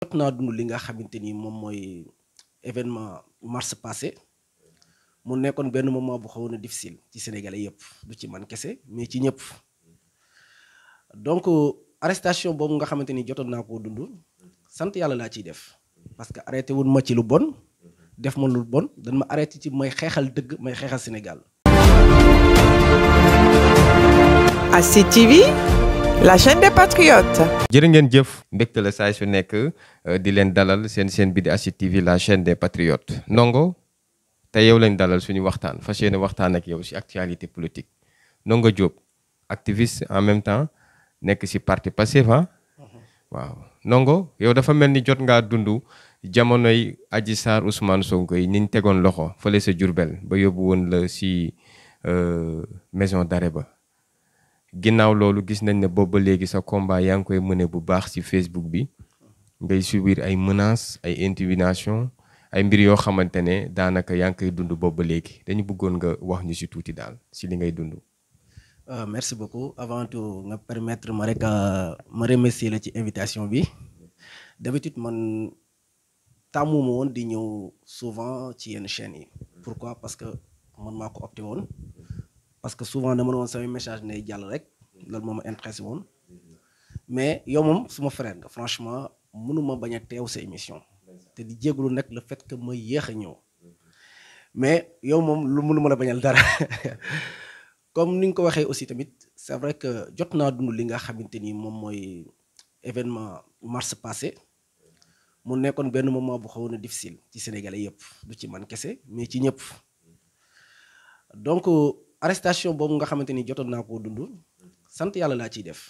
jot naa dundu li nga xamante ni moom mooy événement mars passé mu nekkoon benn moment bu xawoon a difficile ci sénégalais yëpp du ci man kese mais ci ñëpp donc arrestation boobu nga xamante ni jotoon naa ko dund sant yàlla laa ciy def parce que arrêté wun ma ci lu bon def ma lu bon dan ma arrêté ci may xeexal dëgg may xeexal Sénégal. ASID TV. la chaîne des patriotes. jërë ngeen jëf mbégte la saay su nekk euh, di leen dalal seen seen bi di ASID TV la chaîne des patriote Ndongo te yow lañ dalal suñu waxtaan fas yéene waxtaan ak yow ci actualité politique Ndongo Diop activiste en même temps nekk ci parti Pastef ah? uh-huh. waaw Ndongo yow dafa mel ni jot ngaa dundu jamonoy Adji Sarr Ousmane Sonko yi niñ tegoon loxo fële sa jurbeel ba yóbbu woon la si euh, maison d'arrêt ba. ginnaaw loolu gis nañ ne boobu ba léegi sa combat yaa ngi koy mëne bu baax ci Facebook bi ngay subir ay menaces ay intimidation ay mbir yoo xamante ne daanaka yaa ngi koy dund boobu ba léegi dañu buggoon nga wax ñu ci tuuti daal ci li ngay dund. waaw euh, merci beaucoup avant tout nga permettre ma rek euh, ma remercier la ci invitation bi d'habitude man tàmmuma woon di ñëw souvent ci yenn chaînes yi. pourquoi parce que man maa ko opté woon. parce que souvent dama ne woon samay message nay jàll rek loolu moom ma intéressé woon mais yow moom suma frère nga franchement mënuma bañ a teew sa émission te di jéglu nag le fait que yéex a ñëw mais yow moom lu mënuma la bañal dara comme ni nga ko waxee aussi tamit c'est vrai que jot naa dund li nga xamante ni moom mooy événement mars passé mu nekkoon benn moment bu xawoon a difficile ci sénégalais yëpp du ci man kese mais ci ñëpp donc arrestation boobu nga xamante ni jotoon naa koo dund sant yàlla laa ciy def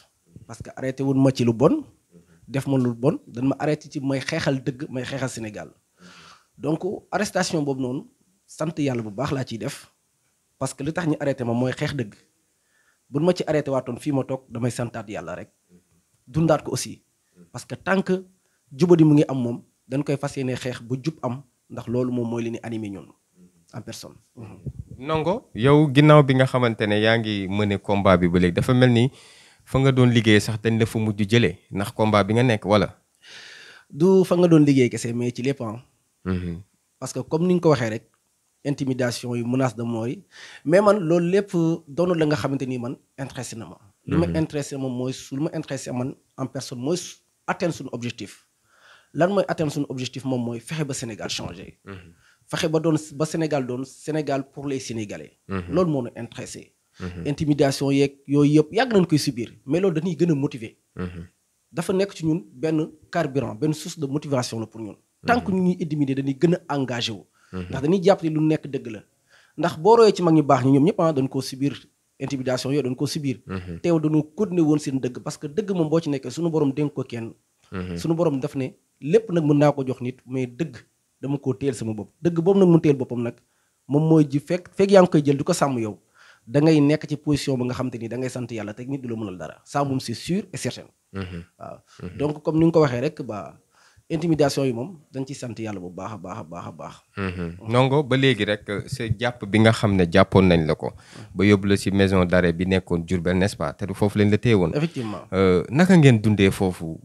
parce que arrêté wun ma ci lu bon def ma lu bon dañ ma arrêté ci may xeexal dëgg may xeexal Sénégal donc arrestation boobu noonu sant yàlla bu baax laa ciy def parce que li tax ñu arrêté ma mooy xeex dëgg buñ ma ci arrêté waatoon fii ma toog damay santaat yàlla rek dundaat ko aussi parce que tant que jubadi mu ngi am moom dañ koy fas yéene xeex bu jub am ndax loolu moom mooy li ni animé Ndongo yow ginnaaw bi nga xamante ne yaa ngi mëne combat bi ba léegi dafa mel nii fa nga doon liggéey sax dañ la fa mujj jëlee ndax combat bi nga nekk wala. du fa nga doon liggéey kese mais ci lépp mm-hmm. parce que comme ni nga ko waxee rek intimidation yi menace de mooy mais man loolu lépp doonul la nga xamante ni man intéressé na ma. lu ma mm-hmm. intéressé moom mooy su li ma intéressé man en personne mooy atteindre objectif lan mooy atteindre suñu objectif moom mooy fexe ba Sénégal fexe ba doon ba Sénégal doon Sénégal pour les Sénégalais. Mhm. loolu moo ñu intéressé. Mhm. intimidation yeeg yooyu yëpp yàgg nañ koy subir mais loolu dañuy gën a motiver. Mhm. dafa nekk ci ñun benn carburant benn source de motivation la pour ñun. tant que ñu ñuy intimider dañuy gën a engagé wu. ndax dañuy jàpp ne lu nekk dëgg la ndax boo royee ci mag ñu baax ñi ñoom ñëpp ah dañ koo subir intimidation yooyu dañ ko subir. teew dañoo continuer woon seen dëgg parce que dëgg moom boo ci nekkee suñu borom dénk ko kenn. suñu borom daf ne lépp nag mën naa ko jox nit mais dëgg. dama koo téel sama bopp dëgg boobu nag mu téel boppam nag moom mooy ji fekk fekk yaa ngi koy jël di ko sàmm yow da ngay nekk ci position ba nga xam te ni da sant yàlla te nit du la mënal dara ça moom mm-hmm. Mm-hmm. comme ni nga ko waxee rek ba intimidation yi moom dañ ciy sant yàlla bu baax a baax a baax a baax mm-hmm. ndongo ba léegi rek sa jàpp bi nga xam ne jàppoon nañ la ko ba yóbbu la si maison d'arrêt bi nekkoon jur n'est-ce pas te du foofu lañ la téye woon effectivement euh, naka ngeen dundee foofu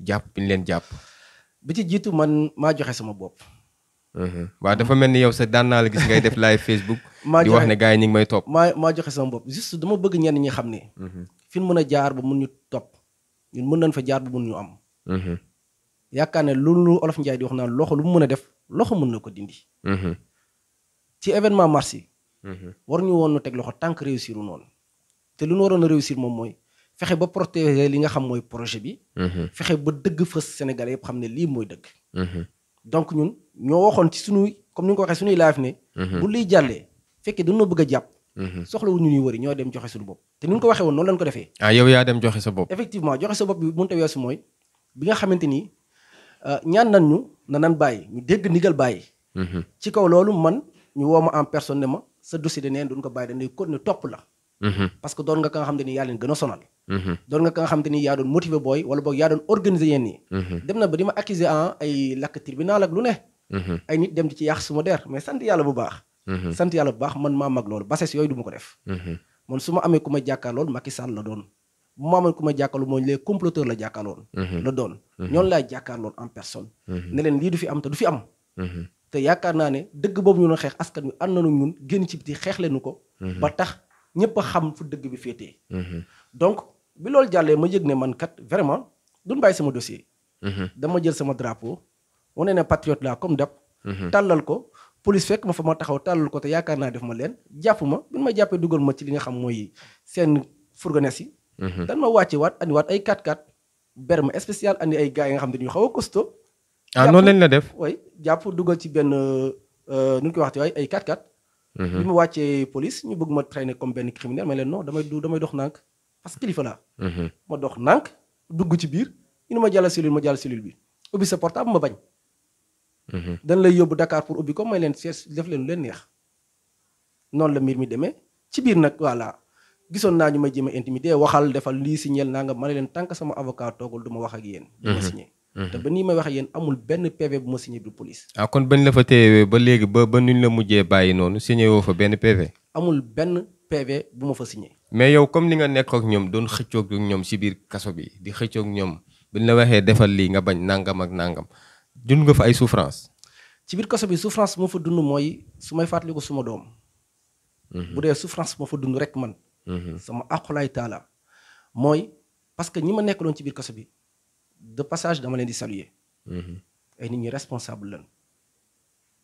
jàpp bi ñu leen jàpp bi ci jiitu man maa joxe sama bopp Mm-hmm. waaw dafa mel ni yow sa daan naa la gis ngay def live Facebook. maa di wax ne gaa yi ñu ngi may topp. maa maa joxe sama bopp juste dama bëgg ñenn ñi xam ne. Mm-hmm. fi ñu mën a jaar ba mun ñu topp ñun mën nañ fa jaar ba ñu am. Mm-hmm. yaakaar ne loolu olof Ndiaye di wax naa loxo lu mu mën a def loxo mën na ko dindi. ci événement mars yi. war ñu woon nu teg loxo tànk réussir noonu. te lu nu waroon a réussir moom mooy fexe ba protéger li nga xam mooy projet bi. fexe ba dëgg fës Sénégalais yëpp xam ne lii mooy dëgg. donc ñoo waxoon ci suñuy comme ni nga ko waxee suñuy laaf ne. Mhm. bu luy jàllee fekkee dañoo bëgg a jàpp. Mhm. soxlawul ñu ñuy wëri ñoo dem joxe suñu bopp te ni ñu ko waxee woon noonu lañ ko defee. ah yow yaa dem joxe sa bopp. effectivement a weesu mooy ni euh, ñaan nan ñu na nan bàyyi ñu dégg ndigal bàyyi. Mhm. ci kaw loolu man ñu woo ma en personne ma sa dossier de neen duñ ko bàyyi dañuy continuer topp la. parce que doon nga ka xam te ni yaa leen gën a sonal. doon nga ka xam te ni yaa doon motiver booy wala boog yaa doon organiser yenn yi. dem na ba di ma accuser ne Mm-hmm. ay nit dem di ci su ma der mais sant yàlla bu baax mm-hmm. sant yàlla bu baax man maa mag loolu bases yooyu du ma ko def mm-hmm. man su ma amee ku ma jàkkaar loolu Macky Sall la doon bu ma amee ku ma jàkkaarloo mooy les comploteurs la jàkkaarloon la doon ñoonu laay jàkkaarloon en personne ne leen lii du fi am te du fi am te yaakaar naa ne dëgg boobu ñu doon xeex askan wi ànd nañu ñun génn ci biti xeex leenu ko ba tax ñëpp a xam fu dëgg bi féetee donc bi loolu jàllee ma yëg ne man kat vraiment duñ bàyyi sama dossier dama jël sama drapeau wane na patriote la comme dab mhm. tàllal ko police fekk ma fa ma taxaw tàllal ko te yaakaar naa def ma leen jàpp ma bi ma jàppee dugal ma ci li nga xam mooy seen fourgonnettes yi mhm. dan ma wàcce waat waat ay 4x4 spécial andi ay gars yi nga xam ne ñu xaw a costaud ah la def way jàpp dugal ci benn euh, nu ñu koy waay ay 4x4 mhm. bi ma wàccee police ñu bëgg ma traîner comme benn criminel may leen non damay du damay dox nànk parce que kilifa laa ma dox nànk dugg ci biir ñu ne ma jàllal cellule ma jàllal cellule bi ubbi sa portable ma bañ Mhm. dañ lay yóbbu Dakar pour ubbi ko may leen sees def leen lu leen neex noonu la mbir mi demee ci biir nag voilà gisoon naa ñu may jéem a intimidé waxal defal lii si ñeel nangam nga ma ne leen tant sama avocat toogul du ma wax ak yéen. du ma mhm. signé. Mhm. te ba nii may waxee ak yéen amul benn PV bu ma signé bu police. Ah, kon bañ la fa teewee ba léegi ba ba nuñ la mujjee bàyyi noonu signé woo fa benn PV. amul benn PV bu ma fa signé. mais yow comme li nga nekk ak ñoom doon xëccoog ñoom si biir kaso bi di xëccoog ñoom buñ la waxee defal lii nga bañ nangam ak nangam dund nga fa ay souffrance ci biir kaso bi souffrance moo fa dund mooy su may ko suma doom mhm. bu dee souffrance moo fa dund rek man mhm. sama aqulaay taala mooy parce que ñi ma nekk loon ci biir kaso bi de passage dama leen di saluer mhm. ay nit ñi responsable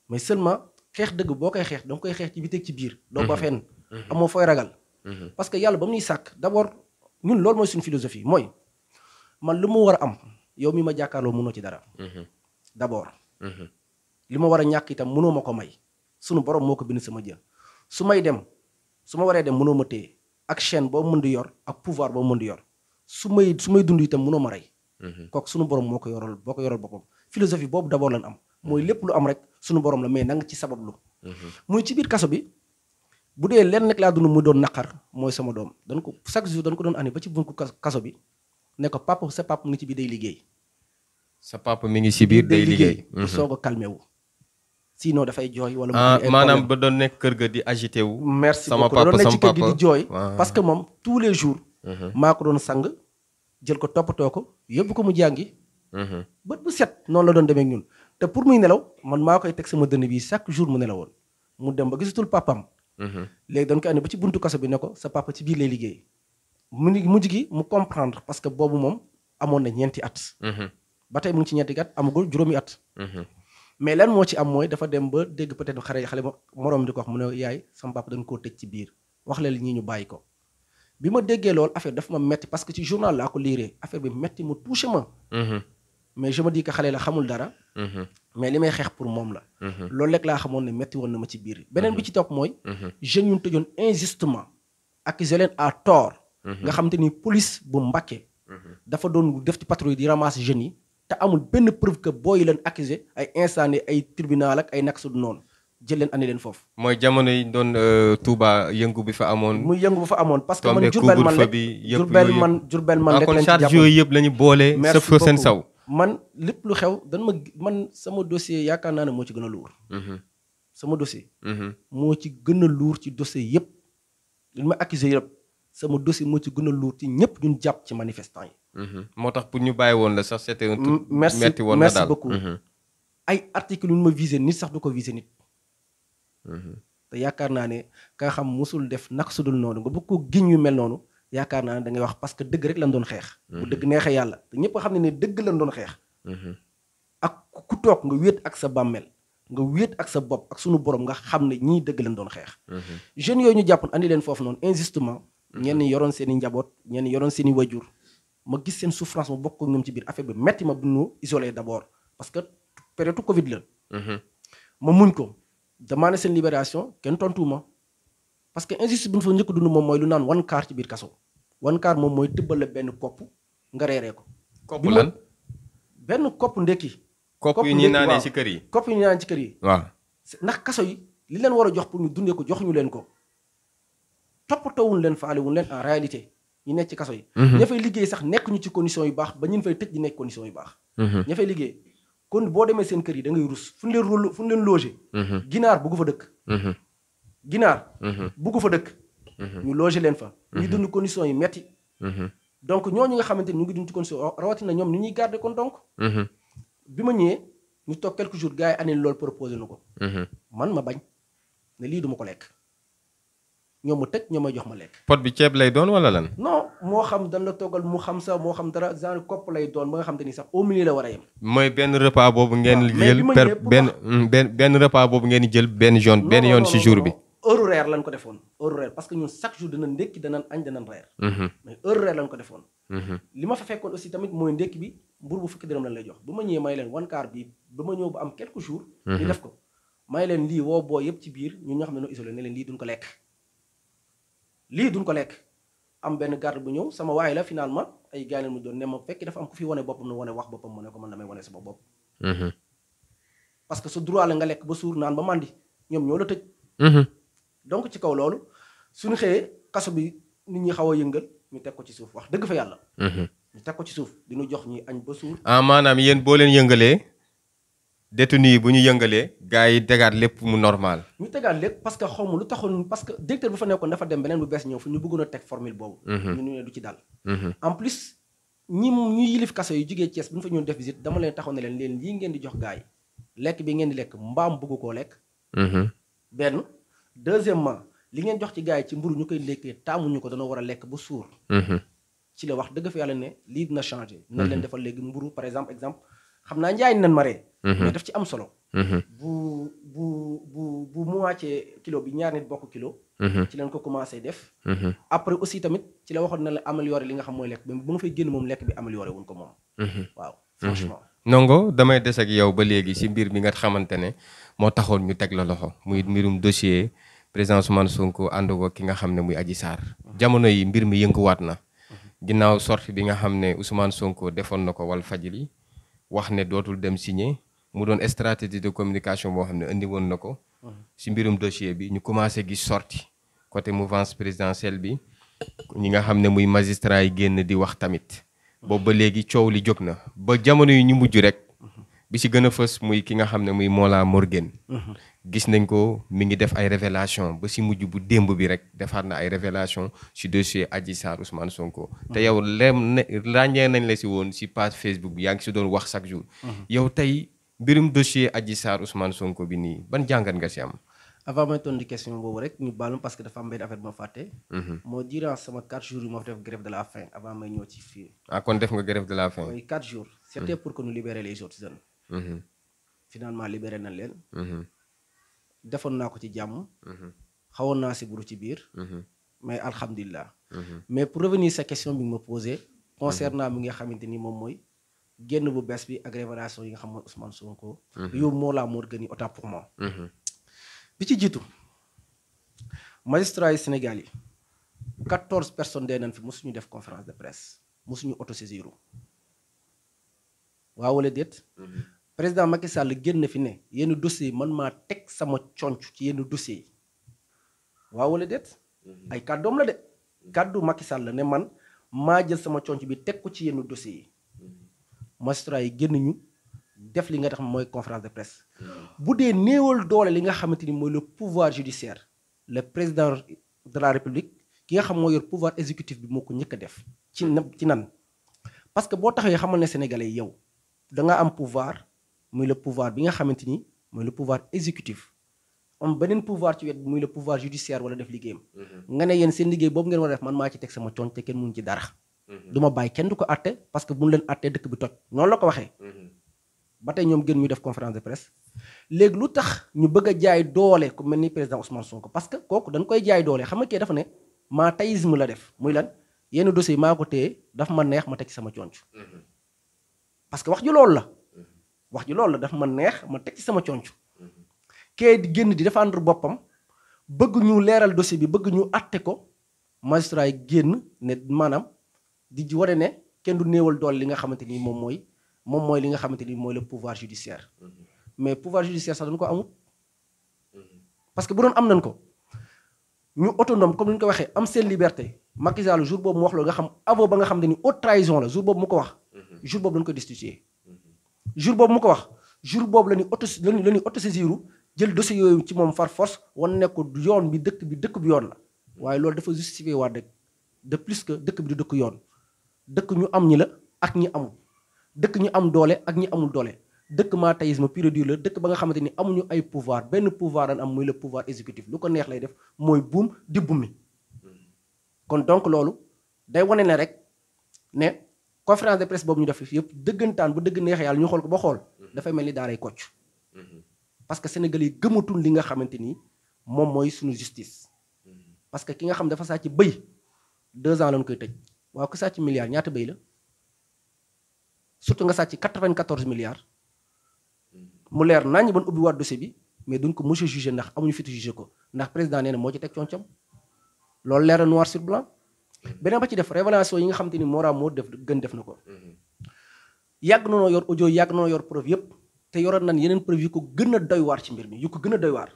mais seulement xeex dëgg boo koy xeex danga koy xeex ci biir ci biir doo ko fenn amoo fooy ragal parce que yàlla ba mu ñuy sàkk d'abord ñun loolu mooy suñu philosophie mooy man lu mu war a am yow mi ma jàkkaarloo mënoo ci dara d' abord. Mhm. li ma war a ñàkk itam mënoo ma ko may sunu borom moo ko bind sama jël su may dem su ma waree dem mënoo ma téye ak chaîne boo mën di yor ak pouvoir boo mën di yor su may su may dund itam mënoo ma rey. Mhm. kooku sunu borom moo ko yoral boo ko yoral boppam philosophie boobu d' abord lan am mooy mhm. lépp lu am rek sunu borom la mais nanga ci ci lu muy ci biir kaso bi bu dee lenn nag laa dund muy doon naqar mooy sama doom dañ ko chaque jour dañ ko doon andi ba ci buntu kaso bi ne ko papa sa papa ci biir day liggéey. sa papa mi ngi si biir day liggéey bu mhm. soog a calmé wu sinon dafay jooy wala ah, maanaam ba doon nekk kër ga di agité wu merci sama papa jooy ah. parce que moom tous les jours mhm. maa ko doon sang jël ko toppatoo ko yóbbu ko mu jàngi mhm. bët bu noonu la doon demee ñun te pour muy nelaw man maa koy teg sama dënn bi chaque jour mu nelawoon mu dem ba gisatul papam léegi dañ ko andi ba ci buntu kaso bi ne ko sa papa ci biir lay liggéey mu mujj gi mu comprendre parce que boobu moom amoon na ñeenti at ba tey mu ngi ci ñetti at amagul juróomi at. Mhm. mais lan moo ci am mooy dafa dem ba dégg peut-être xare xale moroom di ko wax mu ne yaay sama papa dañ koo tëj ci biir wax leen ma déggee loolu parce que ci journal laa ko liiree affaire bi metti mu touché ma. Mhm. mais la xamul dara. Mhm. mais li may xeex pour moom la. loolu rek laa xamoon ne metti woon na ma ci biir. beneen bi ci topp mooy. jeunes yu ñu tëjoon injustement. accusé leen à tort. nga xam te ni police bu Mbacké. dafa doon def ci yi. amul benn preuve que booy leen accusé ay instance ay tribunal ak ay naqs du noonu jël leen andi leen foofu. mooy jamono yi doon euh, Touba yëngu bi fa amoon. muy yëngu bu fa amoon parce que man Jurbel man la Jurbel man Jurbel man yooyu yëpp la ñu boole. merci seen saw. man lépp lu xew dan ma man sama dossier yaakaar naa ne moo ci gën a luur. Mhm. Mhm. sama dossier. moo ci gën a luur ci dossier yëpp. li ma accusé yëpp sama dossier moo ci gën luur ci ñëpp ñun jàpp ci manifestant yi. Mhm. moo tax pour ñu bàyyi woon la sax c'était un tout metti woon na daal merci beaucoup mhm. ay article yu ma visé nit sax du ko visé nit mhm. te yaakaar naa ne ka xam musul def su dul noonu nga bëgg ko giñ yu mel noonu yaakaar naa ne da ngay wax parce que dëgg rek lañ doon xeex bu dëgg neexee yàlla te ñépp xam ne ne dëgg lañ doon xeex ak ku toog nga wéet ak sa bàmmeel nga wéet ak sa bopp ak sunu borom nga xam ne ñii dëgg lañ doon xeex jeune yooyu ñu jàppoon andi leen foofu noonu injustement ñenn yoroon seen i njaboot ñenn yoroon seen i wajur ma gis seen souffrance ma bokk ak ñoom ci biir affaire bi metti ma bu ñu isolé d' parce que période Covid la. Mhm. ma muñ ko demandé seen libération kenn tontu ma parce que injustice bi ñu fa njëkk dund moom mooy lu naan wan kaar ci biir kaso. wan kaar moom mooy tëbbal la benn kopp nga reeree ko. kopp lan benn kopp ndekki. kopp yi ñuy naanee ci kër yi kopp yi ci kër yi. waaw ndax kaso yi li leen war a jox pour ñu dundee ko jox ñu leen ko topp toppatoowuñ leen faale wuñ leen en réalité. ñu nekk ci kaso yi. Mhm. ña fay liggéey sax nekk ñu ci condition yu baax ba ñun fay tëj di nekk condition yu baax. Mhm. ña fay liggéey kon boo demee seen kër yi da ngay rus fu ñu leen rôle fu ñu leen loger. Mhm. ginaar bugg fa dëkk. ginaar. bugg fa dëkk. ñu loger leen fa. ñu dund condition yi metti donc ñooñu nga xamante ni ñu ngi dund ci condition rawatina ñoom ni ñuy garder kon donc. bi ma ñëwee ñu toog quelques jours gars yi année loolu proposé na ko. man ma bañ ne lii duma ko lekk. ñoom ma tëj ñoo ma jox ma lekk. pot bi ceeb lay doon wala lan. non moo xam dañ toggal mu xam sax moo xam dara genre kopp lay xam sax au milieu la war a yem. mooy benn repas boobu ngeen. jël per benn mm, benn benn repas benn yoon si jour bi. heure ko defoon heure reer parce que ñun chaque jour dana ndékki dana añ dana reer. Mm-hmm. mais heure reer lañ ko defoon. Mm-hmm. li ma fa fekkoon aussi tamit mooy ndékki bi mbur bu fukki dërëm lañ lay jox ba ma ñëwee may leen wankaar bi ba ma ñëw ba am quelques jours. ñu mm-hmm. def ko may leen lii woo boo yëpp ci biir ñun ñoo xam ne noo isolé ne leen lekk lii duñ ko lekk am benn garde bu ñëw sama waay la ma ay gars mu doon ne ma fekk dafa am ku fi wane boppam ne wane wax boppam mu ne ko man damay wane sama bopp. Mm-hmm. parce que su droit la nga lekk ba suur naan ba màndi ñoom ñoo la tëj. Mm-hmm. donc ci kaw loolu suñu xëyee kaso bi nit ñi xaw a yëngal ñu teg ko ci suuf wax dëgg fa yàlla. Mm-hmm. ñu teg ko ci suuf di ñu jox ñi añ ba suur. ah maanaam yéen boo leen yëngalee. détenu yi bu ñu yëngalee gars yi tegaat lépp mu normal. ñu tegaat lépp parce que xaw ma lu taxoon parce que directeur bu fa nekkoon dafa dem beneen bu bees ñëw fu ñu bëggoon a teg formule boobu. Mhm. ñu ne du ci dal. Mhm. en plus ñi ñu yilif kaso yu jugee Thiès bu ñu fa ñëw def visite dama leen taxaw ne leen leen lii ngeen di jox gars yi lekk bi ngeen di lekk mbaam bëgg koo lekk. Mhm. benn deuxièmement li ngeen jox ci gars yi ci mburu ñu koy lekkee taamuñu ko dana war a lekk ba suur. ci la wax dëgg fa yàlla ne lii dina changé. dina leen defal léegi mburu par exemple exemple xam naa njaay nan maree mais mhm. daf ci am solo. Mhm. bu bu bu bu moitié kilo bi ñaar nit bokk kilo. Mhm. ci la lañ ko commencé def. après aussi tamit ci la waxoon na la améliorer li nga xam mooy lekk bi bu nga fay génn moom lekk bi améliorer wuñ ko moom. waaw franchement. damay des ak yow ba léegi si mbir mi nga xamante ne moo taxoon ñu teg la loxo muy mbirum dossier président Ousmane Sonko ànd ko ki nga xam ne muy aji saar jamono yi mbir mi yënguwaat na. ginnaaw sorti bi nga xam ne Ousmane Sonko defoon na ko Walfadjri wax ne dootul dem signer mu doon stratégie de communication boo xam ne indi woon na ko. si mbirum dossier bi ñu commencé gis sorti côté mouvance présidentielle bi ñi nga xam ne muy magistrat yi génn di wax tamit. boobu ba léegi coow li jóg na ba jamono yi ñu mujj rek. bi si gën a fës muy ki nga xam ne muy Mollah Morgun. gis nañ ko mi ngi def ay révélation ba si mujj bu démb bi rek defaat na ay révélation si dossier aji Sarr Ousmane Sonko. te yow lem ne ràññee nañ la si woon si page Facebook bi yaa si doon wax chaque jour. mbirum dossier Adji Sarr Ousmane Sonko bi nii ban jàngat nga si am. avant may tontu question boobu rek ñu baalum parce que dafa am ma fàtte. Mhm. moo durant sama 4 jours yu ma def grève de avant may ñëw ci fii. ah kon def nga grève de la faim. mooy 4 jours. c'était mhm. finalement libéré nañ leen. Mhm. defoon naa ko ci jàmm. xawoon naa si buru ci biir. mais alhamdulilah. mais pour revenir sa question bi nga ma posé. concernant mi nga xamante ni moom mooy. génn bu bees bi ak révélation yi nga xam mooy Ousmane Sonko. Mhm. yow moo laa moo gën yi autant pour moi. Mhm. bi ci jiitu magistrats yi Sénégal yi quatorze personnes de nañ fi mosuñu def conférence de presse mosuñu autosaisiru waaw wala déet. Mhm. président Macky Sall génn fi ne yenn dossiers yi man maa teg sama conc ci yenn dossiers yi waaw wala déet. ay kàddoom la de. kàddu Macky Sall ne man maa jël sama conc bi teg ko ci yenn dossiers yi. magistrat yi génn ñu def li nga tax mooy conférence de presse bu dee néewal doole li nga xamante ni mooy le pouvoir judiciaire le président de la république ki nga xam mooy yor pouvoir exécutif bi moo ko njëkk def ci ci nan parce que boo taxawee xamal ne sénégalais yi yow da nga am pouvoir muy le pouvoir bi nga xamante ni mooy le pouvoir exécutif am beneen pouvoir ci wet muy le pouvoir judiciaire wala def liggéeyam mm-hmm. nga ne yéen seen liggéey boobu ngeen war a def man sama coon kenn mun ci dara Mhm. du ma bàyyi kenn du ko àtte parce que bu ñu leen àttee dëkk bi toj noonu la ko waxee. Mhm. ba tey ñoom gën ñu def conférence de presse léegi lu tax ñu bëgg a jaay doole ko mel ni président Ousmane ko parce que kooku dañ koy jaay doole xam nga kii dafa ne maa tayisme la def muy lan yenn dossier yi maa ko téye dafa ma neex ma teg sama conc mhm. parce que wax ji loolu la. wax ji loolu la dafa neex ma teg sama conc kee di génn di défendre boppam bëgg ñu leeral dossier bi bëgg ñu àtte ko magistrat yi génn ne maanaam. di ji wane ne kenn du néewal dool li nga xamante ni moom mooy moom mooy li nga xamante ni mooy la pouvoir judiciaire mm-hmm. mais pouvoir judiciaire sax dañu ko amut mm-hmm. parce que bu doon am nañ ko ñu autonome comme ni ñu ko waxee am seen liberté Macky Sall jour boobu mu wax nga xam avo ba nga xam ne ni haute trahison la jour boobu mu ko wax mm-hmm. jour boobu dañu ko destitué jour boobu mu ko wax jour boobu la ñuy auto la ñuy autosaisiru jël dossier yooyu ci moom far force wan ne ko yoon bi dëkk bi dëkk bi yoon la waaye loolu dafa justifié waa rek de plus que dëkk bi du dëkk yoon dëkk ñu am ñi la ak ñi amul dëkk ñu am doole ak ñi amul doole dëkk matéisme pur et dur la dëkk ba nga xamante ni amuñu ay pouvoir benn pouvoir daan am muy le pouvoir exécutif lu ko neex lay def mooy buum di bummi kon donc loolu day wane ne rek ne conférence de presse boobu ñu def yëpp dëggantaan bu dëgg neex yàlla ñu xool ko ba xool mm-hmm. dafay mel ni daaray kocc mm-hmm. parce que Sénégal yi gëmatul li nga xamante ni moom mooy suñu justice mm-hmm. parce que ki nga xam dafa saa ci bëy deux ans lañ koy tëj waaw ku sàcc milliard ñaata béy la surtout nga sàcc 94 milliards hmm. mu leer naññ ban ubbi waat dossier bi mais duñ ko mos a jugé ndax amuñu fit jugé ko ndax président nee moo ci teg concam loolu leer na noir sur blanc. Hmm. beneen ba ci def révélation yi nga xam te ni Mora moo def gën def na ko. Hmm. yàgg noonu yor ojo yàgg noonu yor preuve yëpp te yoroon nañ yeneen preuve yu ko gën a doy waar ci mbir mi yu ko gën a doy waar.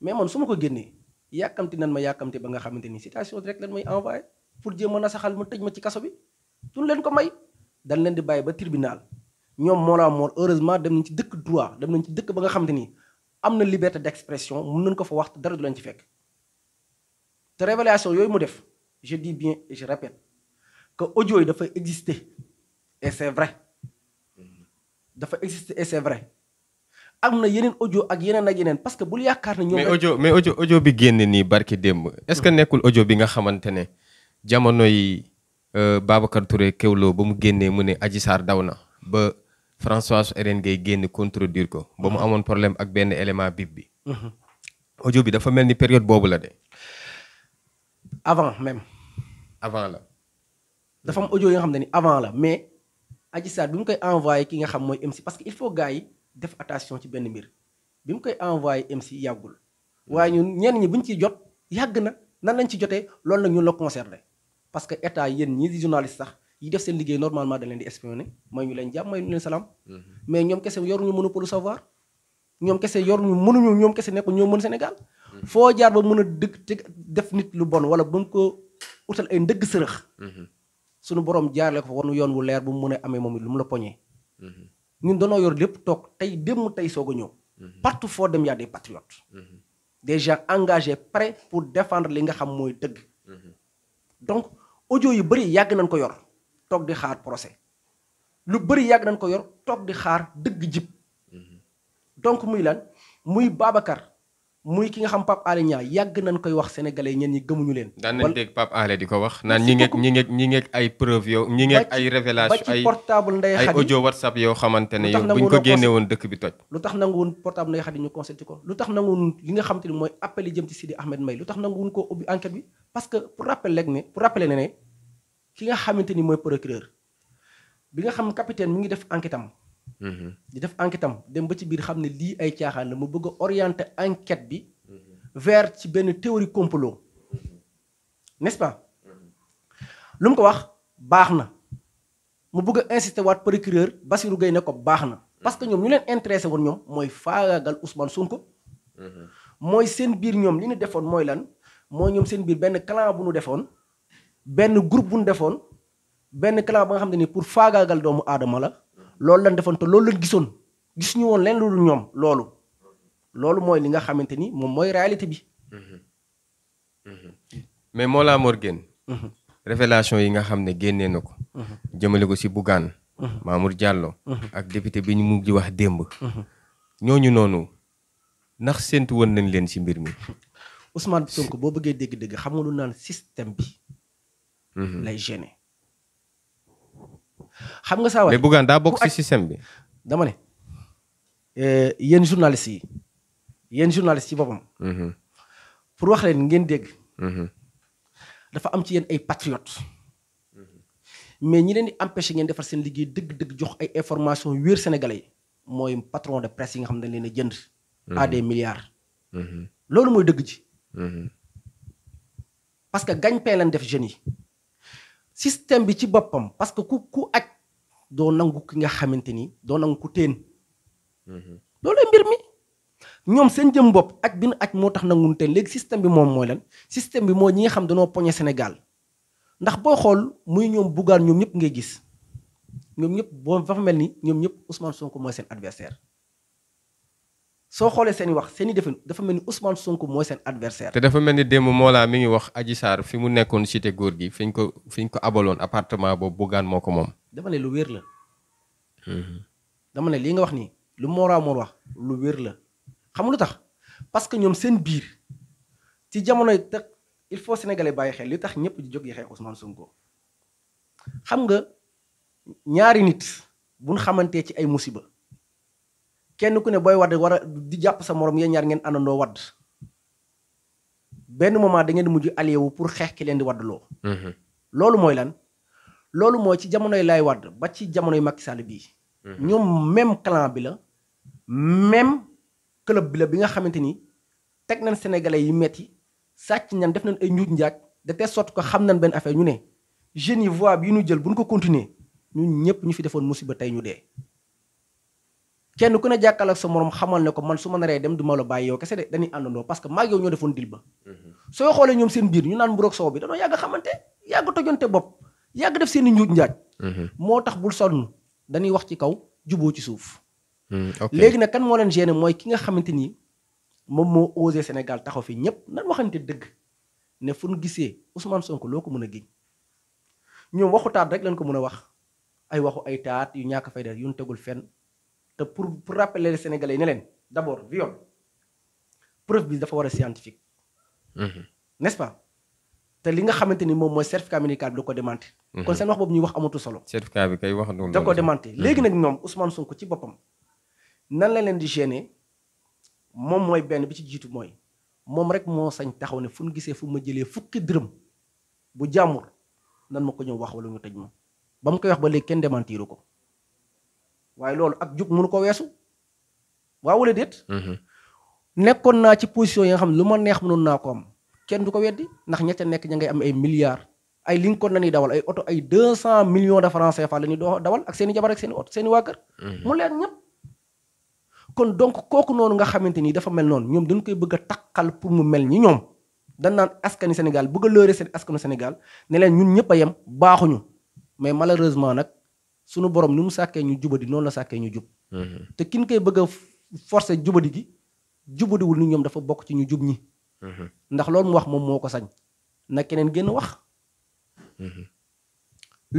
mais man su ma ko génnee yàkkamti nan ma yàkkamti ba nga xamante ni citation direct lan may envoyé. pour jéem a nasaxal mu tëj ma ci kaso bi duñ leen ko may dañ leen di bàyyi ba tribunal ñoom moo la moor heureusement dem nañ ci dëkk droit dem nañ ci dëkk ba nga xamante te ni am na liberté d'expression mun nañ ko fa wax dara du leen ci fekk te yooyu mu def je dis bien et répète que audio yi dafa exister et c'est vrai dafa exister et c'est vrai am na yeneen audio ak yeneen ak yeneen parce que bul yaakaar ne ñoom mais audio mais audio audio bi génn nii barki démb est-ce que hmm. nekkul audio bi nga xamante ne jamonoy yi euh, Babacar Touré ba mu génnee mu ne Adji Sarr daw na ba Françoise Hélène Guèye génn contredire ko ba mu mhm. amoon problème ak benn élément bip bi mhm. audio bi dafa mel ni période boobu la de avant même avant la dafa am audio yi nga xam ne ni avant la mais Adji Sarr bi mu koy envoyé ki nga xam mooy MC parce que il faut gars yi def attention ci benn mbir bi mu koy envoyé MC yàggul waaye ñun ñenn ñi buñ ciy jot yàgg na nan lañ ci jotee loolu nag ñun la parce que état yéen ñii di journaliste sax yi def seen liggéey normalement da leen di espionné may ñu leen jàmm may ñu leen salaam. Mhm. mais ñoom kese yoruñu monopole ñoom kese yoruñu mënuñu ñoom kese nekk ñoo mën Sénégal. Mhm. foo jaar ba mën a dëgg te def nit lu bon wala ba mu ko utal ay ndëgg sërëx. Mhm. suñu borom jaarale ko fa war yoon wu leer bu mu mën a amee moom it lu mu la poñee. ñun danoo yor lépp toog tey démb tey soog a ñëw. partout foo dem y a des patriotes. des gens engagés pour défendre li nga xam mooy dëgg. audio yu bëri yàgg nañ ko yor toog di xaar procès lu bëri yàgg nañ ko yor toog di xaar dëgg jib mm-hmm. donc muy lan muy Babacar muy ki nga xam Pape Alé Niang yàgg nañ koy wax sénégalais ñen ñi gëmuñu leen. daan nañ dégg Pape Alé di ko wax naan ñi ngeeg ñi ngeeg ñi ngeeg ay preuve yow ñi ngeeg ay révélation ay portable nday ay audio whatsapp yoo xamante ne yow buñ ko génne woon dëkk bi toj lu tax nanguwun portable nday xadi ñu ko lu tax nanguwun li nga xam te ni mooy appel yi jëm ci Sidi Ahmed Mbaye lu tax ko ubbi enquête bi parce que pour rappel rek ne pour rappeler ne ne ki nga xamante ni mooy procureur bi nga xam capitaine mi ngi def enquête am Mm-hmm. di def enquête am dem ba ci biir xam ne lii ay caaxaan la mu bëgg a orienter enquête bi vers ci benn théorie complot mm-hmm. n'est-ce pas mm-hmm. lu mu ko wax baax na mu bëgg a insister waat procureur Bassirou Gueye ne ko baax na parce que ñoom ñu leen intéressé woon ñoom mooy faagaagal Ousmane Sonko mooy seen biir ñoom li nu defoon mooy lan mooy ñoom seen biir benn clan bu ñu defoon benn groupe bu ñu defoon benn clan ba nga xam ne ni pour faagaagal doomu aadama la loolu lañ defoon te loolu lañ gisoon gis ñu woon leen loolu ñoom loolu loolu mooy li nga xamante ni moom mooy réalité bi. mais moo laa Morgun. Mhm. révélation yi nga xam ne génnee na ko. Mhm. jëmale ko ci Bougane. Mhm. Mamour jàlloo ak député bi ñu mujj wax démb. ñooñu noonu ndax séntu woon nañ leen si mbir mi. Ousmane ko boo bëggee dégg-dégg xam nga lu naan système bi. lay gêner. xam nga saa waay mais Bougane daa bokk ci système bi. dama ne eh, yéen journaliste yi yéen journaliste ci boppam. Mhm. pour wax leen ngeen dégg. Mhm. dafa am ci yéen ay patriotes. Mhm. mais ñi leen di empêché ngeen defar seen liggéey dëgg-dëgg jox ay information wéer sénégalais yi mooy patron de presse yi nga xam ne leen a jënd. à des milliards. loolu mooy dëgg ji. parce que gagne lañ def jeunes yi. système bi ci boppam parce que ku ku aj doo nangu ki nga xamante ni doo nangu ku teen mhm. loolooy mbir mi ñoom seen jëm bopp aj bi nu aj moo tax nangun teen léegi système bi moom mooy lan système bi mooy ñi nga xam dañoo poñe senegal ndax boo xool muy ñoom buggaan ñoom ñëpp ngay gis ñoom ñëpp boo fa mel ni ñoom ñëpp Ousmane ko mooy seen adversaire soo xoolee seen wax seen i defin dafa mel ni Ousmane Sonko mooy seen adversaire te dafa mel ni démb Mollah mi ngi wax Adji Sarr fi mu nekkoon cité góor gi fi ko fi ko abaloon appartement boobu Bougane moo ko moom. dama lu wér la. Mhm. ne lii nga wax nii lu Mora Mor wax lu wér la xam lu tax parce que ñoom seen biir ci jamonoy te il faut sénégalais bàyyi xel li tax ñëpp di jóg yi xeex Ousmane xam nga ñaari nit buñ xamantee ci ay musiba. kenn ku ne booy wadd war a di jàpp sa moroom yéen ñaar ngeen àndandoo wadd benn moment da ngeen di mujj allié wu pour xeex ki leen di waddloo. Mhm. loolu mooy lan loolu mooy ci jamonoy laay wadd ba ci jamonoy Macky Sall bii. Mhm. ñoom même clan bi la même club bi la bi nga xamante ni teg nañ sénégalais yi metti sàcc nañ def nañ ay njuuj njaaj de te sot que xam nañ benn affaire ñu ne jeunes yi voix bi ñu jël bu ñu ko continuer ñu ñëpp ñu fi defoon musiba tey ñu dee. kenn ku ne jàkkal ak sa moroom xamal ne ko man su ma naree dem du ma la bàyyi yow kese de dañuy àndandoo parce que maag yow ba mm-hmm. soo xoolee ñoom seen biir ñu naan mburoog soow bi danoo yàgg xamante yàgg def seen i njuuj mm-hmm. moo tax bul sonn dañuy wax ci kaw juboo ci suuf mm-hmm. léegi nag kan moo leen gêné mooy ki nga xamante ni moom moo osé Sénégal taxaw fi ñëpp nan waxante dëgg ne fu nu gisee Ousmane Sonko loo ko mën a giñ ñoom waxu taat rek lañ ko mën a wax ay waxu ay taat yu ñàkk fay def yu ñu tegul fenn te pour pour rappeler les sénégalais ne leen d' abord viol preuve bi dafa war a scientifique. Mhm. n' est te li nga xamante ni moom mooy certificat médical bi da ko démenté. Mhm. kon seen wax boobu ñuy wax amatu solo. certificat bi kay wax noonu da ko démenté mhm. léegi nag ñoom Ousmane Sonko ci boppam nan la leen di gêner moom mooy benn bi ci jiitu mooy moom rek moo sañ taxaw ne fu ñu gisee fu ma jëlee fukki dërëm bu jàmbur nan ma ko ñëw wax wala ñu tëj ma ba mu koy wax ba léegi kenn démentiru ko. waaye loolu ak jub nu ko weesu waaw wala déet. Mhm. nekkoon naa ci position yi nga xam lu ma neex mënoon naa ko am kenn du ko weddi ndax ña nekk ña ngay am ay milliards ay Lincoln la ñuy dawal ay oto ay 200 millions de francs CFA la ñuy dawal ak seen i jabar ak seen i oto seen i waa kër. Mhm. mu leer ñëpp. kon donc kooku noonu nga xamante ni dafa mel noonu ñoom dañ koy bëgg a takkal pour mu mel ni ñoom dañ naan askani Sénégal bëgg a lëre seen askanu senegal ne leen ñun ñëpp yem baaxuñu mais malheureusement nag sunu borom ni mu sàkkee ñu jubadi noonu la sàkkee ñu jub. Mm-hmm. te kin koy bëgg a forcer jubadi gi jubadiwul ni ñoom dafa bokk ci ñu jub ñi. Mm-hmm. ndax loolu mu wax moom moo ko sañ na keneen génn wax. Mm-hmm.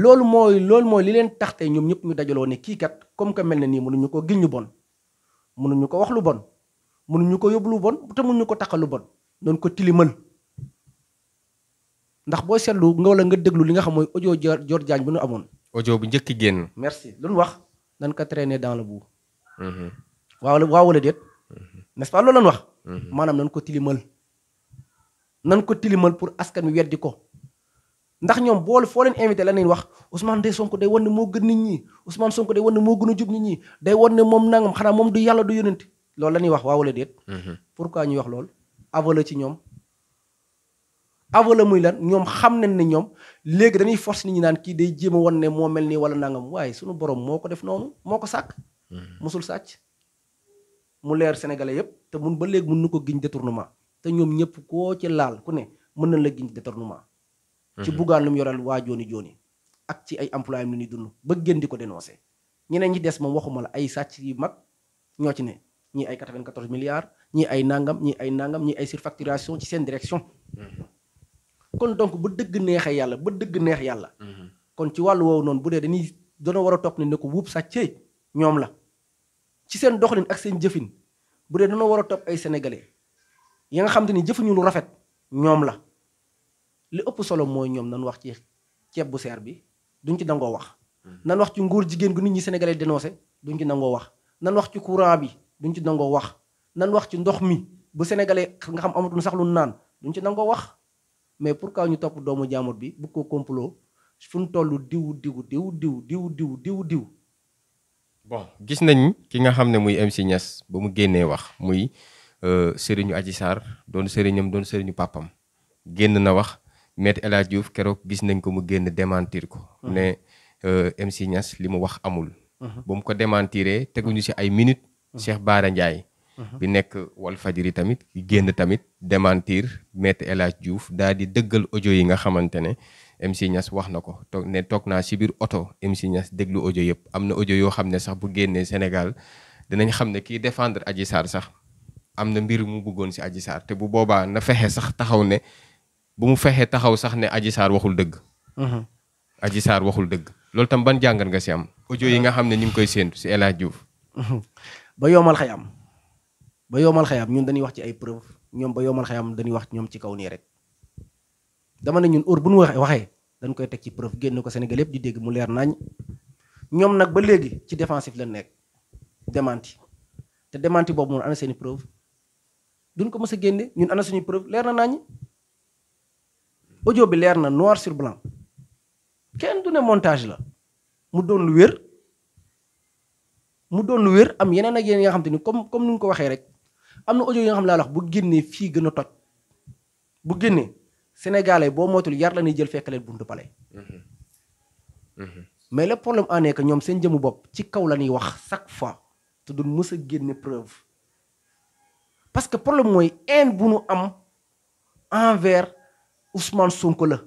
loolu mooy loolu mooy li leen tax ñoom ñëpp ñu dajaloo ne kii kat comme que mel na nii mënuñu ko giñ ñu bon mënuñu ko wax lu bon mënuñu ko yóbbu lu bon te mënuñu ko taxal lu bon noonu ko tilimal ndax boo seetlu nga wala nga déglu li nga xam mooy audio Dior Dior Diagne bu ñu amoon. audio bu njëkk génn. merci lu ñu wax dañ ko traîner dans le boue. Mhm. waaw waaw wala déet. Mhm. n'est-ce pas loolu wax. Mhm. maanaam nañ ko tilimal. nan ko tilimal pour askan wi weddi ko ndax ñoom boolu foo leen invité la leen wax Ousmane day Sonko day wan moo gën nit ñi Ousmane Sonko day wan ne moo gën a jub nit ñi day wan ne moom nangam xanaa moom du yàlla du yónent lool la ñuy wax waaw wala déet. pourquoi ñuy wax loolu avala ci ñoom avant la muy lan ñoom xam nañ ne ñoom léegi dañuy force ni ñi naan kii day jéema a ne moo mel nii wala nangam waaye suñu borom moo ko def noonu moo ko sàkk. mosul mm-hmm. sàcc mu leer sénégalais yépp te mun ba léegi mun nu ko giñ détournement te ñoom ñëpp koo ci laal ku ne mën nañ la giñ détournement. ci mm-hmm. buggaan lu mu yoral waa jooni jooni ak ci ay employé am lu ñuy dund ba gën di ko dénoncé ñeneen ñi des ma waxuma la ay sàcc yu mag ñoo ci ne ñii ay 94 milliards ñii ay nangam ñii ay nangam ñii ay surfacturation ci seen direction. Mm-hmm. kon donc ba dëgg neexee yàlla ba dëgg neex yàlla. Mhm. kon ci wàllu woowu noonu bu dee dañuy doona war a topp ne ne ko wuub sàccee ñoom la ci seen doxalin ak seen jëfin bu dee dana war a topp ay sénégalais ya nga xam ni jëfuñu lu rafet ñoom la li ëpp solo mooy ñoom nan wax ci ceeb bu seer bi duñ ci nangoo wax. Mhm. nan wax ci nguur jigéen gu nit ñi sénégalais dénoncé duñ ci nangoo wax nan wax ci courant bi duñ ci nangoo wax nan wax ci ndox mi bu sénégalais nga xam amatuñ sax lu naan duñ ci nangoo wax. mais pour pourquoi ñu topp doomu jaamur bi bu ko complot fu ñu toll diw diw diw diw diw diw diw diw. bon gis nañ ki nga xam ne muy MC ba mu génnee wax muy euh, sëriñu Adji Sarr doon sëriñam doon sëriñu pàppam génn na wax Maître El Hadj keroog gis nañ ko mu génn démentir ko. ne euh, MC Niass li mu wax amul. ba mu ko démentiree teguñu si ay minutes. Cheikh Baara Ndiaye bi nekk wal Walfajri tamit génn tamit demantir Maître El Hadj Diouf daal di dëggal audio yi nga xamante ne MC wax na ko toog ne toog naa si biir oto MC Niass déglu ojo yëpp am na audio yoo xam ne sax bu génnee senegal danañ xam ne kii defendre Adji Sarr sax am na mbir mu buggoon si Adji Sarr te bu boobaa na fexe sax taxaw ne bu mu fexee taxaw sax ne Adji Sarr waxul dëgg. Mhm. Adji Sarr waxul dëgg. loolu tam ban jàngat nga si am. ojo yi nga xam ne ñu ngi koy séentu si El Hadj Diouf. Mhm. ba yomal xëy am. ba yomal xayaam ñun dañuy wax ci ay preuve ñoom ba yomal xayaam dañuy wax ñoom ci kaw nii rek dama ne ñun heure bu ñu waxee dañ koy teg ci preuve génne ko Sénégal yëpp di dégg mu leer nañ ñoom nag ba léegi ci défensif la nekk démenti te démenti boobu moom ana seeni preuve duñ ko mës a génne ñun ana suñu preuve leer na nañ audio bi leer na noir sur blanc kenn du ne montage la mu doon lu wér mu doon lu wér am yeneen ak yeneen yoo xam te ni comme comme ni ñu ko waxee rek am na audio yi nga xam ne laa wax bu génnee fii gën a toj bu génnee sénégalais boo moytul yar la jël fekk leen buntu palais mhm. Mhm. mais le problème en est ñoom seen jëmu bopp ci kaw la ñuy wax chaque fois te du mës a génne preuve parce que problème mooy haine bu nu am envers Ousmane Sonko la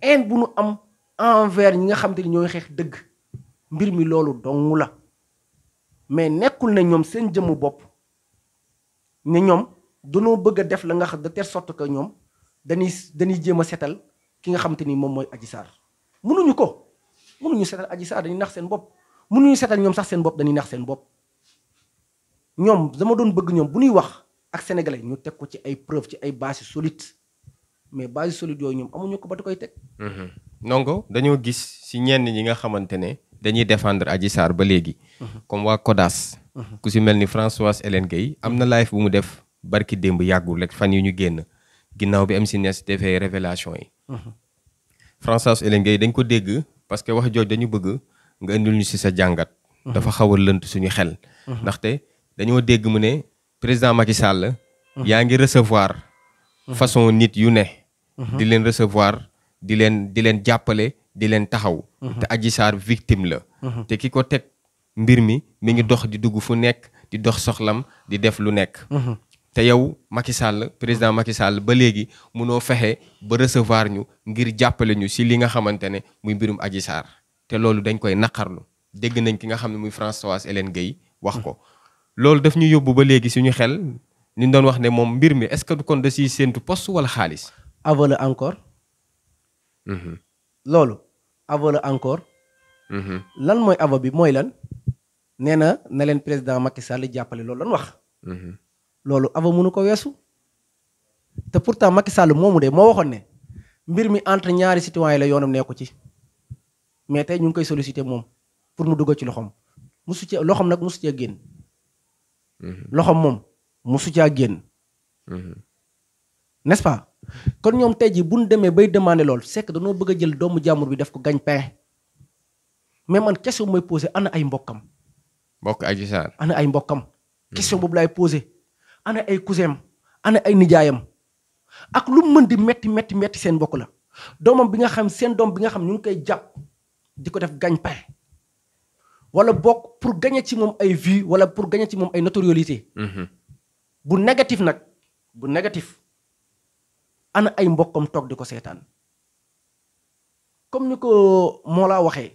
haine bu nu am envers ñi nga xam te ni ñooy xeex dëgg mbir mi loolu dong la mais nekkul ne ñoom seen jëmu bopp. ne ñoom danoo bëgg def la nga xam de telle sorte que ñoom dañuy dañuy jéem a setal ki nga xamante ni moom mooy Adji Sarr mënuñu ko mënuñu setal Adji Sarr dañuy nax seen bopp mënuñu setal ñoom sax seen bopp dañuy nax seen bopp ñoom dama doon bëgg ñoom bu ñuy wax ak sénégalais ñu teg ko ci ay preuve ci ay bases solides mais bases solides yooyu ñoom amuñu ko ba da koy teg. nonko mm-hmm. dañoo gis si ñenn ñi nga xamante ne dañuy defendre Adji Sarr ba léegi. Mm-hmm. comme waa CODAS. ku si mel ni Françoise Hélène am na live bu mu def barki démb yàggul rek fan yu ñu génn ginnaaw bi am MC Niass defee révélation yi. Françoise Hélène Guèye dañ ko dégg parce que wax jooj dañu bëgg nga indil ñu si sa jàngat. dafa xaw a lënt suñu xel. ndaxte dañoo dégg mu ne président Macky Sall. yaa ngi recevoir. façon nit yu ne. di leen recevoir di leen di leen jàppale di leen taxaw. te Adji Sarr victime la. te ki ko teg mbir mi mi ngi dox di dugg fu nekk di dox soxlam di def lu nekk. Mhm. te yow Macky Sall président Macky Sall ba léegi munoo fexe ba recevoir ñu ngir jàppale ñu si li nga xamante ne muy mbirum aji Sarr te loolu dañ koy naqarlu dégg nañ ki nga xam ne muy Françoise Hélène Guèye wax ko. loolu daf ñu yóbbu ba léegi suñu xel ñu doon wax ne moom mbir mi est-ce que du kon da siy séentu post wala xaalis. avole encore. Mhm. loolu avole encore. Mhm. lan mooy avo bi mooy lan. nee na na leen président Macky Sall jàppale loolu lan wax. Mhm. loolu ava munu ko weesu. te pourtant Macky Sall moomu de moo waxoon ne mbir mi entre ñaari citoyen la yoonam nekku ci mais tey ñu ngi koy sollicité moom pour mu dugg ci loxoom musu ci loxoom nag musu cee génn. Mhm. loxoom moom musu caa génn. Mhm. n'est-ce pas kon ñoom tey jii bu ñu demee bay demandé lool sekk que danoo bëgg a jël doomu jàmbur bi def ko gagne-pain mais man question mooy posé ana ay mbokkam. mbokk Adji Sarr ana ay mbokkam. Hmm. question boobu laay posé ana ay cousin ana ay nijaayam ak lu mu mën di metti metti metti seen mbokk la doomam bi nga xam seen doom bi nga xam ñu ngi koy jàpp di ko def gagne-pain wala bokk pour gagner ci moom ay vie wala pour gagner ci moom ay notoriété. Hmm. bu négatif nag bu négatif ana ay mbokkam toog di ko seetaan comme ni ko moo laa waxee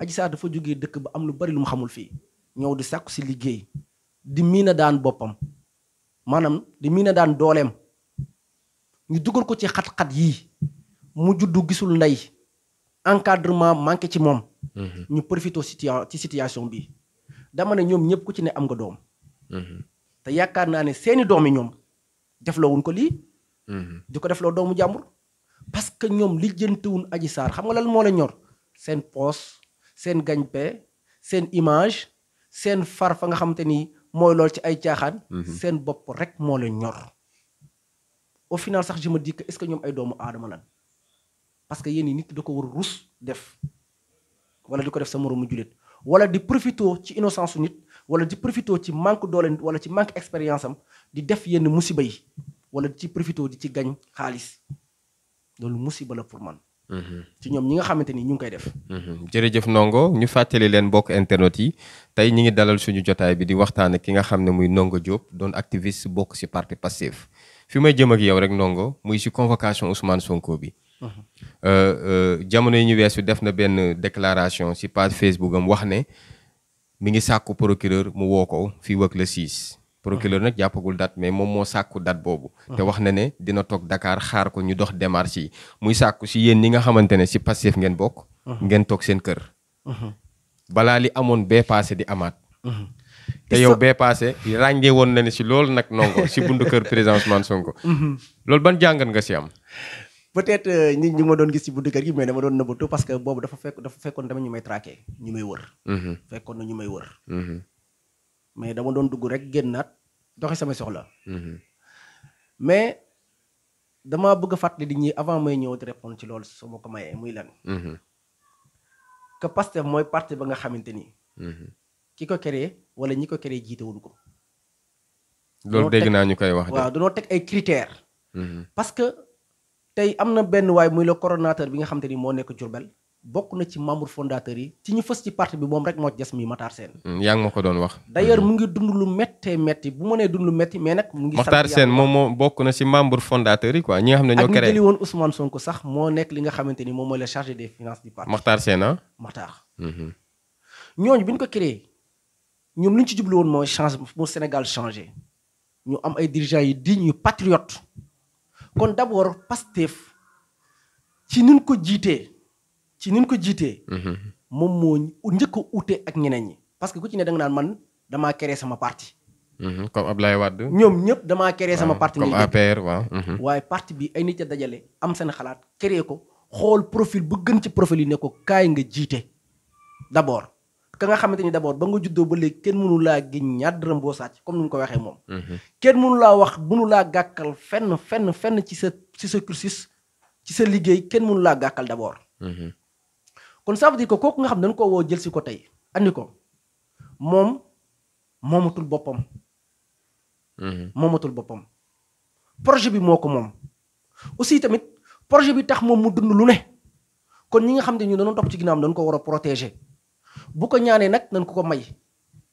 Adji Sarr dafa jógee dëkk ba am lu bari lu mu xamul fii. ñëw di sàkku si liggéey di miina daan boppam maanaam di miina daan dooleem ñu dugal ko ci xat-xat yii mu juddu gisul ndey encadrement manqué ci moom. Mhm. ñu profité ci situation bi dama ne ñoom ñëpp ku ci ne am nga doom. Mhm. te yaakaar naa ne seeni doom yi ñoom defloo wuñ ko lii. Mhm. di ko def defloo doomu jàmbur. parce que ñoom lijjantiwuñ aji Sarr xam nga lal moo la ñor seen poste seen gagne-pain seen image. seen far fa nga xamante ni mooy lool ci ay caaxaan. Mhm. seen bopp rek moo leen ñor. au final sax je me dis que ce que ñoom ay doomu aadama lan parce que yéen nit di ko war a rus def wala di ko def sa moromu jullit wala di profité ci innocence su nit wala di profité ci manque doole nit wala ci manque expérience am di def yenn musiba yi wala di ci profité di ci gañ xaalis loolu musiba la pour man. Mm-hmm. ci ñoom ñi nga xamante ni ñu ngi koy def. Mm-hmm. jërëjëf Ndongo ñu fàttali leen bokk internet yi tey ñi ngi dalal suñu jotaay bi di waxtaan ki nga xam ne muy Ndongo Diop doon activiste bokk ci parti Pastef fi may jëm ak yow rek Ndongo muy si convocation Ousmane Sonko bi. Mm-hmm. Euh, euh, jamono yi ñu weesu def na benn déclaration ci page Facebook am wax ne mu ngi sàkku procureur mu woo ko fii wëkk le 6. procureur nag jàppagul date mais moom moo sàkku date boobu. te wax na ne dina toog Dakar xaar ko ñu dox démarche yi muy sàkku si yéen ñi nga xamante ne si Pastef ngeen bokk. Uh-huh. ngeen toog seen kër. Uh-huh. balaa li amoon bee paase di amaat. Uh-huh. te yow bee paase ràññee woon na ne si loolu nag nongo si bundu kër président Ousmane Sonko. nga si am. peut-être euh, nit ñi ma doon gis parce que boobu dafa fekk dafa fekkoon tamit ñu may traqué ñu may wër. mais dama doon dugg rek génnaat doxe sama soxla. Mhm. mais dama bëgg a fàttali di ñi avant may ñëw di ci loolu su ma ko mayee muy lan. Mhm. que Pastef mooy parti ba nga xamante ni. Mhm. ki ko créé wala ñi ko créé jiitewul ko. loolu dégg naa ñu koy wax de. waaw teg ay critères. parce que tey am na benn waay muy le coordonnateur bi nga xamante ni moo nekk Diourbel. bokk na ci membre fondateur yi ci ñu fës ci parti bi moom rek moo ci des mi Matar Sène mm, yaa ngi ma ko doon wax d'ailleurs mm. mu ngi dund lu méttee métti bu ma nee dund lu métti mais nag mu ngi na ci membre fondateur yi quoi ñi nga ne ñoo créé ak ñu jëli woon Ousmane Sonko sax moo nekk li nga xamante ni moom mooy le chargé des finances du parti Matar Sène ah mm-hmm. ñooñu bi ñu ko créé ñoom lu ñu ci jublu woon mooy change mu Sénégal changé ñu am ay dirigeants yu digne yu patriote kon d'abord Pastef ci niñ ko jiitee ci ni ñu ko jiitee. Mhm. moom moo njëkk a ute ak ñeneen yi parce que ku ci ne da nga naan man damaa créé sama parti. Mhm. comme Ablaye Wade. ñoom ñëpp damaa créé sama parti. comme APR waaw. Mhm. waaye parti bi ay nit a dajale am seen xalaat créé ko xool profil bu gën ci profil yi ne ko kaay nga jiite d' abord. ka nga xamante ni d' abord ba nga juddoo ba léegi kenn mënu laa gi ñaar dërëm boo sàcc comme ni ñu ko waxee moom. kenn mënu laa wax mënu laa gàkkal fenn fenn fenn ci sa ci sa cursus ci liggéey kenn mënu laa gàkkal d' abord. kon ça veut dire que kooku nga xam ne dañu ko woo jël si ko tey andi ko moom moomatul boppam. Mhm. moomatul boppam. projet bi moo ko moom. aussi tamit projet bi tax moom mu dund lu ne kon ñi nga xam ne ñu dañoo topp ci ginnaawam dañu ko war a protéger bu ko ñaanee nag nañ ko ko may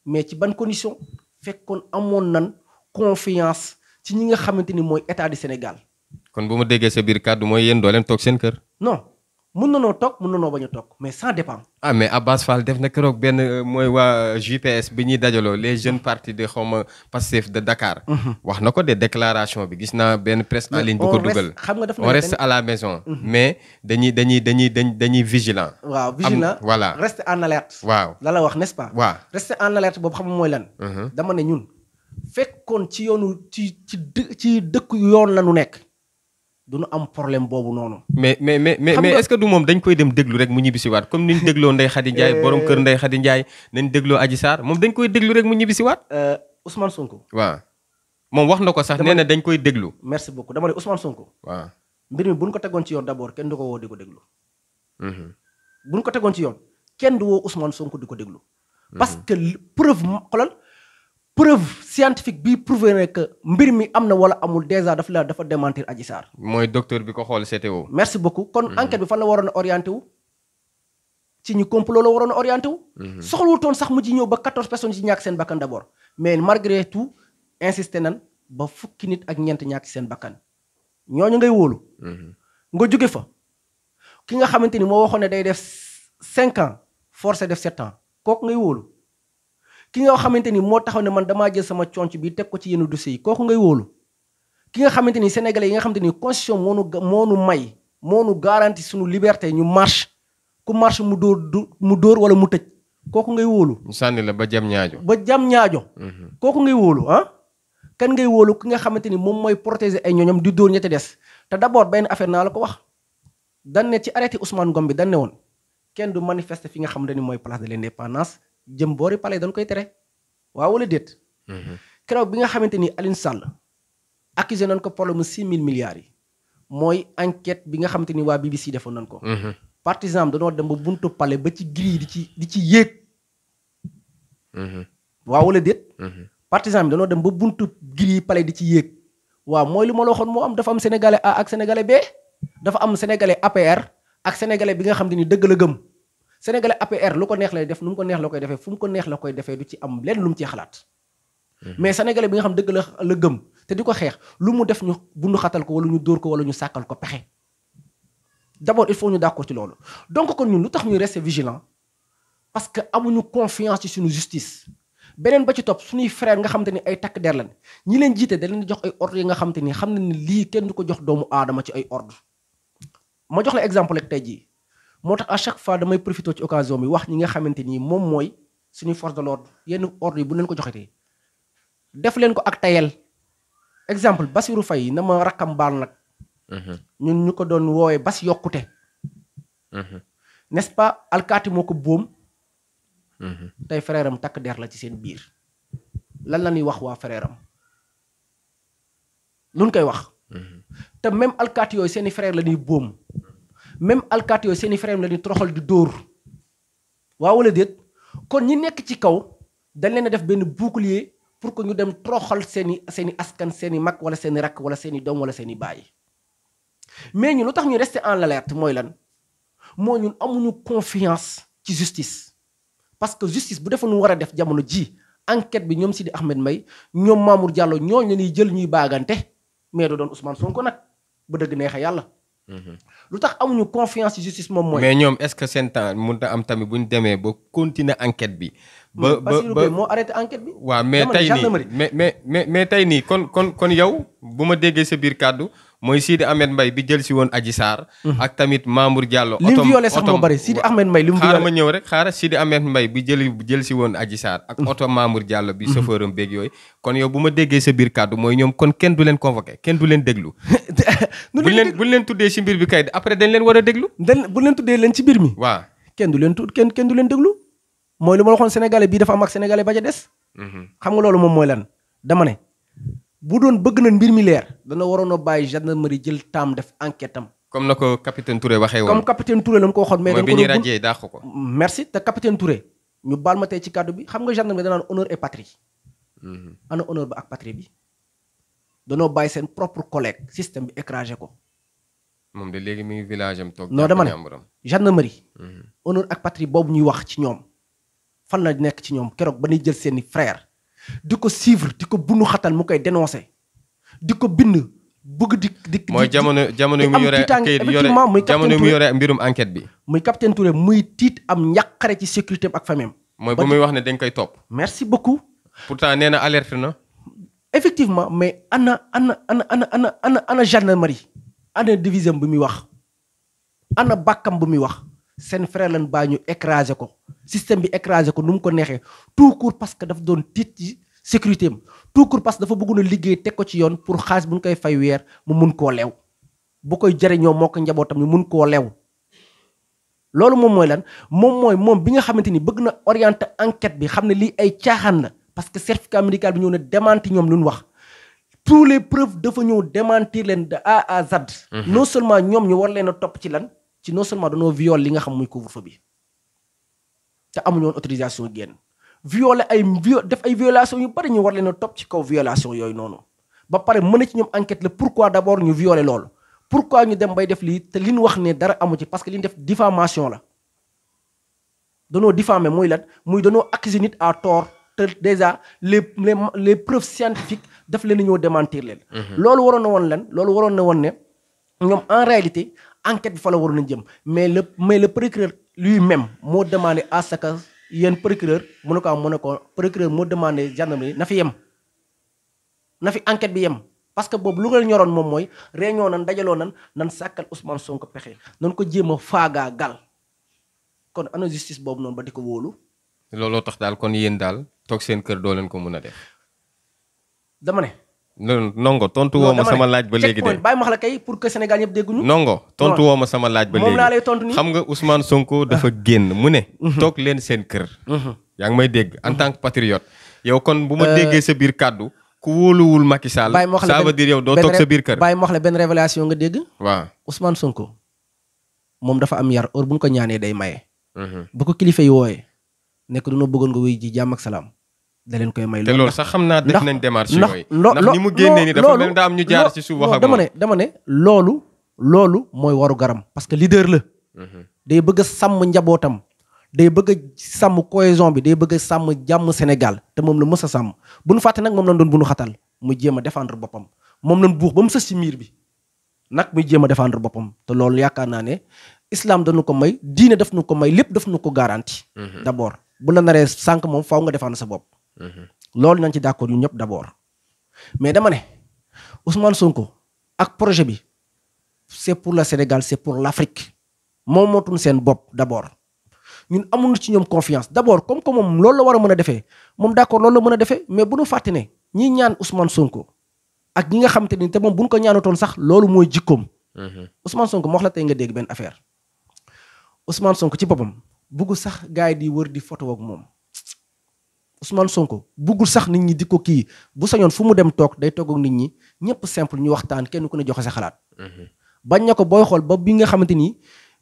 mais ci ban condition fekkoon amoon nan confiance ci ñi nga xamante ni mooy état du Sénégal. kon bu mu déggee sa biir kàddu mooy yéen doo leen toog seen kër. non. mun na noo toog mun na noo bañ a toog mais ça dépend. ah mais Abbas Fall def na keroog benn euh, mooy waa euh, JPS bi ñuy dajaloo les jeunes partie de xaw ma Pastef de dakaar mhm. wax na ko déclaration bi gis naa benn presse en ligne bu ko dugal. xam nga daf on à la maison. Mhm. mais dañuy dañuy dañuy dañuy vigilant. waaw vigilant voilà reste en alerte. waaw la la wax n'est-ce pas. waaw reste en alerte boobu xam nga mooy lan. Mhm. dama ne ñun fekkoon ci yoonu ci ci ci dëkk yoon la ñu nekk. du nu am problème boobu noonu. mais mais mais mais est-ce que du moom dañ koy dem déglu rek mu ñibbisiwaat comme ni ñu dégloo Ndeye Khady Ndiaye euh, kër Ndeye Khady Ndiaye nañ dégloo Adji moom dañ koy déglu rek mu ñibbisiwaat. Euh, Ousmane Sonko. waaw wax na ko sax nee dañ koy déglu. merci beaucoup dama ne Ousmane Sonko. waaw mbir mi bu ñu ko tegoon ci yoon d'abord kenn du ko woo di ko déglu. Mhm. bu ñu ko tegoon ci yoon kenn du woo Ousmane Sonko di ko déglu. parce mhm. preuve mu xoolal preuve scientifique bi prouvé ne mbir mi am na wala amul dèjà daf la dafa demanter Adji Sarr. mooy docteur bi ko xool CTO. merci beaucoup kon mhm. enquête bi fan la waroon a orienté ci ñu complot la waroon a orienté wu. Mhm. toon sax mu ji ñëw ba 14 personnes ci ñàkk seen bakkan d' abord mais malgré tout insisté nan ba fukki nit ak ñeent ñàkk seen bakkan ñooñu ngay wóolu. Mhm. nga jóge fa ki nga xamante ni moo waxoon ne day def 5 ans forcé def 7 ans kooku ngay wóolu. ki nga xamante ni moo taxaw ne man damaa jël sama conc bi teg ko ci yenn dossiers yi kooku ngay wóolu ki nga xamante ni sénégalais yi nga xamante ni constitution moo nu may moo nu suñu liberté ñu marche ku marche mu dóor mu dóor wala mu tëj kooku ngay wóolu. ñu sànni la jam ñaajo. ba jam ñaajo. Mm-hmm. kooku ngay wóolu ah. kan ngay wóolu ki nga ni moom mooy protégé ay ñoñom di dóor ña ca des te d'abord benn affaire naa la ko wax dan ne ci arrêté Ousmane Ngom bi dan ne woon kenn du manifester fi nga xamante ni mooy place de l'indépendance jëm boori pale dañ koy tere waaw wala déet. Mhm. keroog bi nga xamante ni Alioune Sall accusé nañ ko problème mu 6000 yi mooy enquête bi nga xamante ni waa BBC defoon nañ ko. Mhm. partisan dañoo dem ba bunt palais ba ci gris di ci di ci yéeg. Mhm. waaw wala déet. partisan bi dañoo dem ba buntu gris palais di ci yéeg. waaw mooy li ma la moo am dafa am sénégalais A ak sénégalais B dafa am sénégalais APR ak sénégalais bi nga xam te ni dëgg la gëm. Sénégalais APR lu ko neex lay def nu mu ko neex la koy defee fu mu ko neex la koy defee du ci am lenn lu mu ci xalaat. Mhm. mais sénégale bi nga xam dëgg la la gëm te di ko xeex lu mu def ñu bundu xatal ko wala ñu dóor ko wala ñu sàkkal ko pexe d'abord il faut ñu ko ci loolu. donc ko ñun lu tax ñuy rester vigilant parce que amuñu confiance ci suñu justice. beneen ba ci topp suñuy frère nga xam te ni ay takk der lan ñi leen jiite da leen jox ay ordre yi nga xam te ni xam na ni lii kenn du ko jox doomu aadama ci ay ordre jox la exemple tey jii moo tax à chaque fois damay profité ci occasion bi wax ñi nga xamante ni moom mooy suñu force de l'ordre yenn ordre yi bu leen ko joxetee def leen ko ak tayel exemple basiru fay yi na ma rakkam baal nag mhm. ñun ñu ko doon woowee bas yokkute mhm. n'est-ce pas alkaati moo ko boom mhm. takk der la ci seen biir lan la ñuy wax waa frère am lu ñu koy wax te même alkaati yooyu seeni frère la ñuy boom même alkaati yooyu seeni i frère troxal di dóor waaw wala kon ñi nekk ci kaw dañ leen def benn bouclier pour que ñu dem troxal seen i askan seen mag wala seen i rakk wala seen i doom wala seen i baay mais ñun lu tax ñu rester en alerte mooy lan moo ñun amuñu confiance ci justice parce que justice bu defoon war a def jamono ji enquête bi ñoom Sidi Ahmed may ñoom Mamour Diallo ñooñu la ñuy jël ñuy bagante mais du doon Ousmane Sonko nag bu dëgg neexee yàlla. Mhm. lu tax amuñu confiance ci justice moom mooy. ñoom est-ce que seen temps a am tamit bu demee ba continuer enquête bi. ba hmm, ba ba arrêté enquête bi. waaw mais tey nii mais mais mais tey nii kon kon kon yow bu ma déggee sa biir kàddu. mooy Sidi Ahmed Mbaye bi jël si woon Adji Sarr. ak tamit Mamour Diallo. otom li mu violé sax moo li mu violé xaaral ma ñëw rek xaaral Sidi Ahmed bi jël jël si woon Adji Sarr. ak oto Mamour Diallo bi mhm. chauffeur am beeg yooyu. kon yow bu ma déggee sa biir kàddu mooy ñoom kon kenn du leen convoqué kenn du leen déglu. bu leen bu leen tuddee si mbir bi kay après dañ leen war a déglu. bu leen tuddee leen ci mbir mi. waaw kenn du leen tu kenn kenn du leen déglu. mooy lu ma waxoon sénégalais bii dafa am ak sénégalais ba ca des. Mhm. xam nga loolu moom mooy lan bu doon bëgg na mbir mi leer dana waroon a bàyyi gendarmerie jël taam def enquête am. comme na ko capitaine Touré waxee woon. comme capitaine Touré la mu ko waxoon. mais bi ñuy ko. merci te capitaine Touré ñu baal ma tey ci kàddu bi xam nga gendarmerie danaan honneur et patrie. Mhm. ana honneur ba ak patrie bi. danoo bàyyi seen propre collègue système bi écrasé ko. moom de léegi mi village am toog. non dama ne gendarmerie. Mhm. honneur ak patrie boobu ñuy wax ci ñoom. fan la nekk ci ñoom keroog ba ñuy jël seeni frère di ko suivre di ko bunu xatal mu koy dénoncer di ko bind bëgg di di mooy jamono jamono mu yore kayit yore jamono mu yore mbirum enquête bi. muy capitaine Touré muy tiit am njàqare ci sécurité ak famem mooy ba muy wax ne dañ koy topp. merci beaucoup. pourtant nee na alerte na. effectivement mais ana ana ana ana ana ana ana gendarmerie ana division bi muy wax ana bàkkam bu muy wax. seen frère lan baa ñu écrasé ko système bi écrasé ko nu mu ko neexee tout court parce que daf doon tiit ci sécurité am tout court que dafa bëggoon a liggéey teg ko ci yoon pour xaalis bu koy fay weer mu mun koo lew bu koy jëriñoo moo ko njabootam ñu mun koo lew loolu moom mooy lan moom mooy moom bi nga xamante ni bëgg na orienter enquête bi xam ne lii ay caaxaan la parce que certificat médical bi ñëw na démenti ñoom lu ñu wax tous les preuves dafa ñëw démentir leen de A à Z. Mhm. seulement ñoom ñu war leen a topp ci lan ci non seulement dañoo viole li nga xam muy couvre-feu bi te amuñu autorisation génn violé ay def ay violation yu bari ñu war leen a topp ci kaw violation yooyu noonu ba pare mën a ci ñoom enquête la pourquoi d'abord ñu violé loolu pourquoi ñu dem bay def lii te li ñu wax ne dara amu ci parce que li def diffamation la danoo diffamé muy lan muy danoo accuser nit à tort te déjà les les les preuves scientifiques daf leen a ñëw démentir leen. Mhm. loolu waroon na woon lan loolu waroon na woon ne en réalité enquête bi fa la waroon a jëm mais le mais le procureur lui-même moo demandé à ce yéen procureur mu ne ko am mu ne ko procureur moo demandé gendarmerie na fi yem na fi enquête bi yem parce que boobu lu nga ñoroon moom mooy réunion nan dajaloo nan nan sàkkal Ousmane Sonko pexe nan ko jéem a faagaa gal kon ana justice boobu noonu ba di ko wóolu looloo tax daal kon yéen daal toog seen kër doo leen ko mën a def dama ne nongo tontu woo ma sama laaj ba léegi de bàyyi ma la kay pour que Sénégal ñëpp dégguñu nongo tontu woo ma sama laaj ba léegi moom laa lay tontu xam nga Ousmane Sonko dafa génn mu ne mhm. Mhm. toog leen seen kër mhm. yaa ngi may dégg en tant que patriote yow kon bu ma euh, déggee sa biir kàddu ku wóoluwul Macky Sall ça veut dire yow doo toog sa biir kër bàyyi ma wax la benn révélation nga dégg waaw Ousmane Sonko moom dafa am yar heure bu ñu ko ñaanee day maye bu ko kilifa yi wooyee nekk du ñu bëggoon nga wuy ji jàmm salaam da koy may. te loolu sax xam naa def nañ démarche yooyu. ndax ndax ni mu génnee ni dafa mel daa am ñu jaar ci suuf wax ak dama ne dama ne loolu. loolu mooy waru garam parce que leader la. Mhm. day bëgg a sàmm njabootam. day bëgg a sàmm cohésion bi day bëgg sàmm jàmm Sénégal te moom la mës a sàmm bu nu fàtte nag moom la doon bu nu xatal mu jéem a défendre boppam moom lañ buux ba mu sës ci miir bi nag muy jéem a défendre boppam te loolu yaakaar naa ne islam danu ko may diine daf nu ko may lépp daf nu ko garanti. Mhm. d'abord bu la naree sànq moom faaw nga défendre sa bopp. loolu nañ ci d'accord ñu ñëpp d'abord mais dama ne Ousmane Sonko ak projet bi c'est pour le Sénégal c'est pour la l'Afrique moom mootuñ seen bopp d'abord ñun amuñu ci ñoom confiance d'abord comme que moom loolu la war a mën a defee moom d'accord loolu la mën a defee mais bu ñu fàtte ñi ñaan Ousmane Sonko ak ñi nga xam te ni te moom bu ñu ko ñaanatoon sax loolu mooy jikkoom. Mm-hmm. Ousmane Sonko moo wax la tey nga dégg benn affaire usman Sonko ci boppam bugg sax gars yi di wër di photo ak moom. Ousmane Sonko buggul sax nit ñi di ko kii bu sañoon fu mu dem toog day toog nit ñi ñëpp simple ñu waxtaan kenn ku ne joxe sa xalaat. Mhm. bañ na ko booy xool ba bi nga xamante ni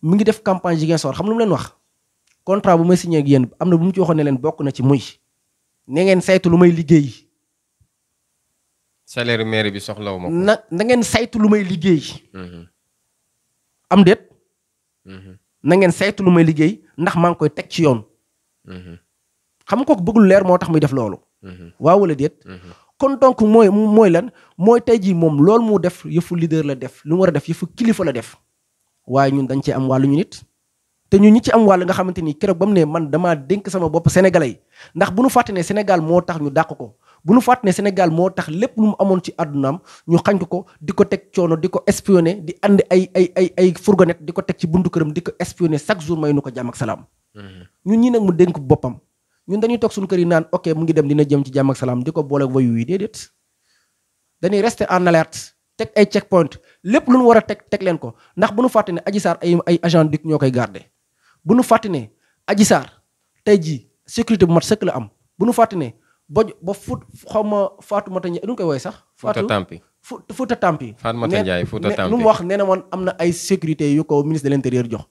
mu ngi def campagne Ziguinchor xam lu mu leen wax. contrat bu may signé ak yéen am na bu mu ci waxoon ne leen bokk na ci muy ne ngeen saytu lu may liggéey. salaire maire bi soxlawu ma ko. na ngeen saytu lu may liggéey. Mhm. am déet. Mhm. na ngeen saytu lu may liggéey ndax maa ngi koy teg ci yoon. xam nga kooku bëggul leer moo tax muy def loolu. Mhm. waaw wala déet. Mhm. kon donc mooy mooy lan mooy tey jii moom loolu mu def yëfu leader la def lu mu war a def yëfu kilifa la def waaye ñun dañ cee am wàllu ñu nit. te ñun ñi ci am wàll nga xamante ni keroog ba mu ne man damaa dénk sama bopp sénégalais yi ndax bu nu fàtte senegal moo tax ñu dàq ko bu nu fàtte ne Sénégal moo tax lépp lu mu amoon ci àddunaam ñu xañ ko di ko teg coono di ko espionné di andi ay ay ay ay fourgonnette di ko teg ci buntu këram di ko espionné chaque jour may nu ko jàmm salaam. Mhm. ñu ñi nag mu dénk boppam ñun dañuy toog suñu kër yi naan ok mu ngi dem dina jëm ci jàmm ak salaam di ko boole voyous yi déedéet dañuy rester en alerte teg ay check point lépp lu ñu war a teg teg leen ko ndax bu nu fàtte ne Adji Sarr ay ay agent DIC ñoo koy garder bu nu fàtte ne Adji tey jii sécurité bu mat sëkk la am bu nu fàtte ne ba ba fut xaw ma Fatou Mata Ndiaye nu koy woowee sax. Fatou Fouta Tampi Fatou Mata Ndiaye Fouta Tampi. lu wax nee na woon am na ay sécurité yu ko ministre de l'intérieur jox.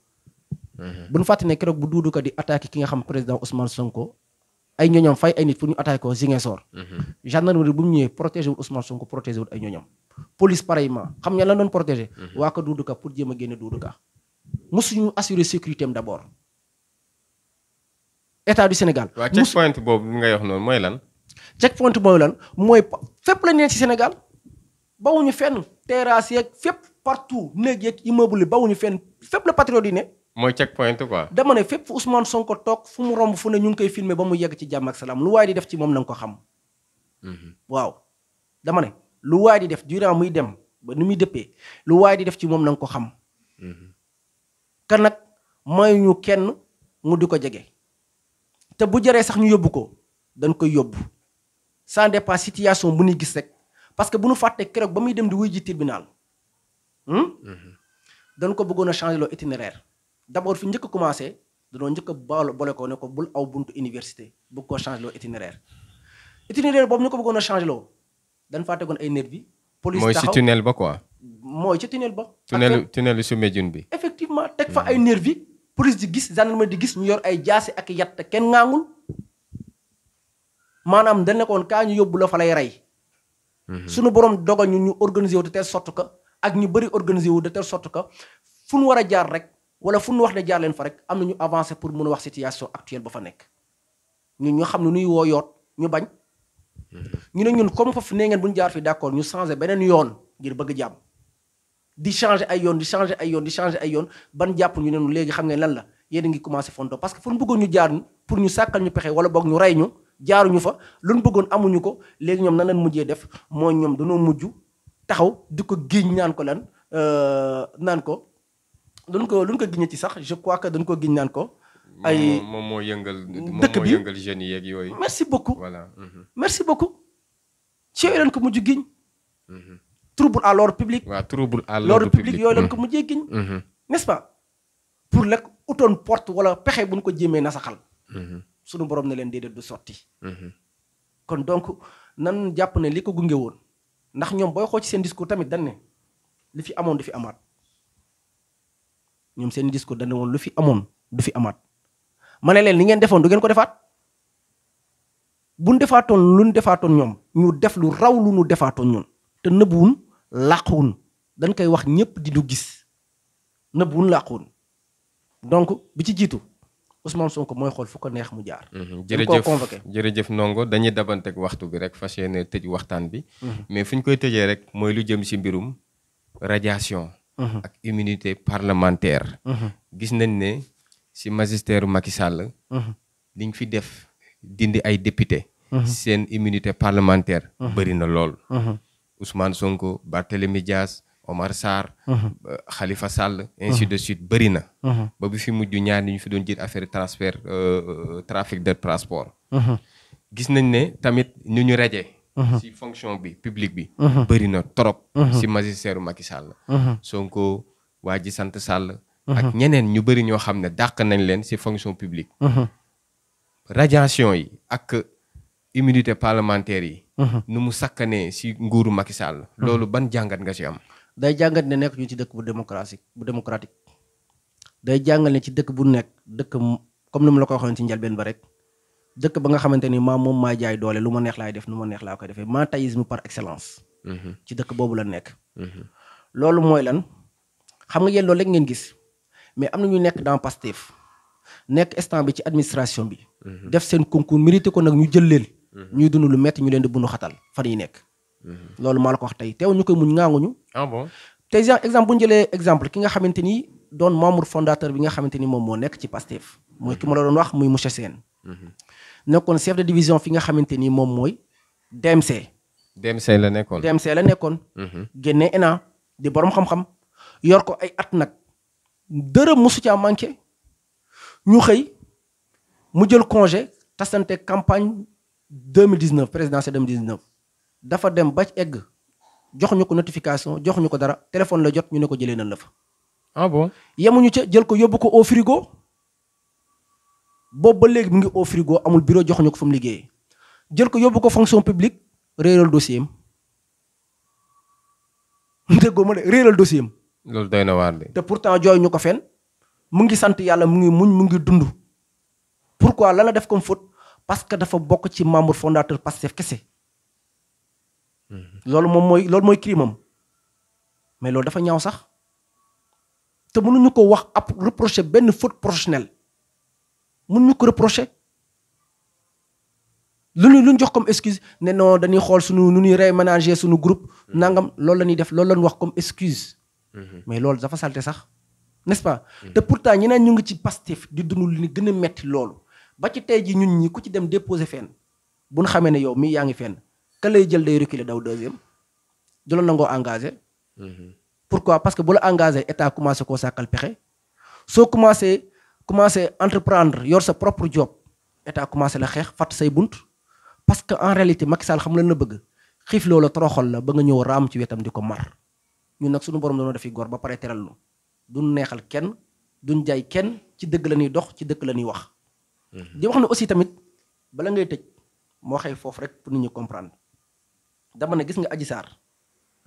Mhm. bu ñu fàttali ne keroog bu duudu di attaqué ki nga xam président Ousmane Sonko. ay ñoñam fay ay nit pour ñu attaqué ko Ziguinchor. Mhm. gendarmerie bu mu ñëwee protégé wul Ousmane Sonko protégé wul ay ñoñam. police pareillement xam nga lan doon protégé. Mhm. waa ko duudu ka pour jéem a génne duudu ka. mosuñu assurer sécurité am d' abord. état du Sénégal. waaw check point boobu nga wax noonu mooy lan. check point boobu lan mooy fépp la ñu ci Sénégal. bawuñu fenn terrasse yeeg fépp partout néeg yeeg immeuble bawuñu fenn fépp la patriote yi ne. mooy check point quoi. dama ne fépp fu Ousmane Sonko toog fu mu romb fu ne ñu ngi koy filmer ba mu yegg ci jàmm ak salaam lu waay di def ci moom na ko xam. Mhm. waaw dama ne lu waay di def durant muy dem ba ni muy dëppee lu waay di def ci moom na nga ko xam. Mhm. kan nag mooy ñu kenn mu di ko jege. te bu jëree sax ñu yóbbu ko dañ koy yóbbu sans dépend situation bu ñuy gis rek parce que bu ñu fàtte keroog ba muy dem di wuy ji tribunal. Hmm? Mhm. dañ ko bëggoon a changer loo itinéraire. d'abord fi njëkk a commencé danoo njëkk a boole ko ne ko bul aw buntu université bëgg koo changé loo itinéraire itinéraire boobu ñu ko bëggoon a changé loo dañ faa tegoon ay nervi bi. police mooy ci tunnel ba quoi. mooy ci tunnel ba. tunnel tunnel su Médioune bi. effectivement teg fa hmm. ay nervi police di gis ma di gis ñu yor ay jaasi ak yat te kenn ngaangul maanaam dañ nekkoon kaa ñu yóbbu la fa lay rey. Hmm. suñu borom dogal ñu ñu organiser wu de telle sorte que ak ñu bëri organiser wu de telle sorte que fu nu war a jaar rek. wala fu nu wax ne jaar leen fa rek am na ñu avancé pour mun a wax situation actuelle ba fa nekk ñun ñu xam ne nuy woo yoot ñu bañ ñu ne ñun comme foofu nee ngeen bu ñu jaar fii ñu changé beneen yoon ngir bëgg jàmm di changé ay yoon di changé ay yoon di changé ay yoon ban jàpp ñu ne léegi xam ngeen lan la yéen a ngi commencé fonto parce que fu ñu bëggoon ñu jaar pour ñu sàkkal ñu pexe wala boog ñu rey ñu jaaruñu fa lu ñu bëggoon amuñu ko léegi ñoom na leen mujjee def mooy ñoom dañoo mujj taxaw di ko géeñ euh, naan ko lan naan ko duñ ko duñ ko giñ ci sax je crois que dañ ko giñ naan ko. ay moom moo yëngal dëkk bi moom moo yëngal jeunes yeeg yooyu. merci beaucoup voilà. merci beaucoup. ci yooyu lañ ko mujj giñ. Mhm. trouble à l'ordre public. waaw trouble à l'ordre public yooyu lañ ko mhm. mujjee giñ. Mhm. n'est-ce pas pour lekk utoon porte wala pexe bu ñu ko jéemee nasaxal. sunu borom ne leen déedéet du sotti. kon donc nan jàpp ne li ko gunge woon ndax ñoom booy xoo ci seen discours tamit dañ ne li fi amoon du fi amaat. ñoom seen discours dañu woon lu fi amoon du fi amaat ma ne leen li ngeen defoon du ngeen ko defaat buñ defaatoon luñ defaatoon ñoom ñu def lu raw lu ñu defaatoon ñun te nëbbuwun wun dañ koy wax ñëpp di du gis nëbbuwun làquwun donc bi ci jiitu Ousmane Sonko mooy xool fu ko neex mu jaar. Mhm. jërëjëf jërëjëf Ndongo dañuy dabanteeg waxtu bi rek fas yéene tëj waxtaan bi. Mhm. mais fu ñu koy tëjee rek mooy lu jëm si mbirum radiation. Uh-huh. ak immunité parlementaire. Uh-huh. gis nañ ne si magistère Macky Sall. Uh-huh. liñ fi def dindi ay député. seen immunité parlementaire. bëri na lool. Ousmane Sonko Barthélémy Dias Omar Sarr. Euh, Khalifa Sall. ainsi de suite bëri na. ba bu fi mujj ñaar ñu fi doon jël affaire transfert euh, euh, trafic de transport. gis nañ ne tamit ñu ñu raje Uh-huh. si fonction bi publique bi. Uh-huh. bëri na trop. Uh-huh. si magistère Macky Sall. Sonko waa ji sant Sall. ak ñeneen ñu bëri ñoo xam ne dàq nañ leen si fonction publique. radiation yi ak immunité parlementaire yi. nu mu sakkanee si nguuru Macky Sall. loolu ban jàngat nga si am. day jàngat ne nekk ñu ci dëkk bu démocratique bu démocratique day jàngal ne ci dëkk bu nekk dëkk comme ni mu la ko waxoon ci njëlbeen ba rek. dëkk ba nga xamante ni maa moom maa jaay doole lu ma neex laay def nu ma neex laa koy defee maa taïsme par excellence. Mhm. ci dëkk boobu la nekk. Mhm. loolu mooy lan xam nga yéen loolu rek ngeen gis mais am na ñu nekk dans Pastef nekk instant bi ci administration bi. Mhm. def seen concours mérité ko nag ñu jël leen. ñuy dund lu metti ñu leen di bunu xatal fan yi nekk. loolu maa la ko wax tey teew ñu koy muñ ngaanguñu. ah bon tey exemple bu ñu jëlee exemple ki nga xamante ni doon membre fondateur bi nga xamante ni moom moo nekk ci Pastef. mooy ki ma la wax muy monsieur Sène. nekkoon chef de division fi nga xamante ni moom mooy DMC. DMC la nekkoon DMC la nekkoon. Mhm. génne ENA di borom xam-xam yor ko ay at nag dërëm mosu caa manqué ñu xëy mu jël congé tasante campagne 2019 présidentielle 2019 dafa dem ba ci egg joxuñu ko notification joxuñu ko dara téléphone la jot ñu ne ko jëlee nañ la fa. ah bon yemuñu ca jël ko yóbbu ko ofrigo boobu ba léegi mu ngi au frigo amul bureau ñu ko fa mu liggéeyee jël ko yóbbu ko fonction publique réeral dossier am déggoo ma ne réeral dossier am. loolu doy na waar de. te pourtant jooy ñu ko fen mu ngi sant yàlla mu ngi muñ mu ngi dund. pourquoi la la def comme faute parce que dafa bokk ci membre fondateur Pastef kese. Mm-hmm. loolu moom mooy loolu mooy crime am mais loolu dafa ñaaw sax te mënuñu ko wax ab reproché benn faute professionnelle. mën ñu ko reprocher lu ñu lu ñu jox comme excuse ne non dañuy xool suñu nu ñuy réménager suñu groupe hmm. nangam loolu la ñuy def loolu la wax comme excuse hmm. mais loolu dafa salte sax n'est-ce pas hmm. te pourtant ñeneen ñu ngi ci Pastef di dund li gën a metti loolu ba ci tey ji ñun ñi ku ci dem déposer fenn bu ñu xamee ne yow mii yaa ngi fenn ka lay jël day reculer daw deuxième du la nangoo pour quoi parce que bu la engagé état commencé koo sàkkal pexe soo commencé commencé entreprendre yor sa propre job état commencé la xeex fatt say bunt parce que en réalité Macky Sall xam lan na bëgg xiif loola toroxal la ba nga ñëw raam ci wetam di ko mar ñun nag suñu borom dañoo defi gor ba pare teral lu duñ neexal kenn duñ jaay kenn ci dëgg la ñuy dox ci dëgg la ñuy wax. Mhm. di wax ne aussi tamit bala ngay tëj moo xëy foofu rek pour nit ñu comprendre dama ne gis nga Adji Sarr.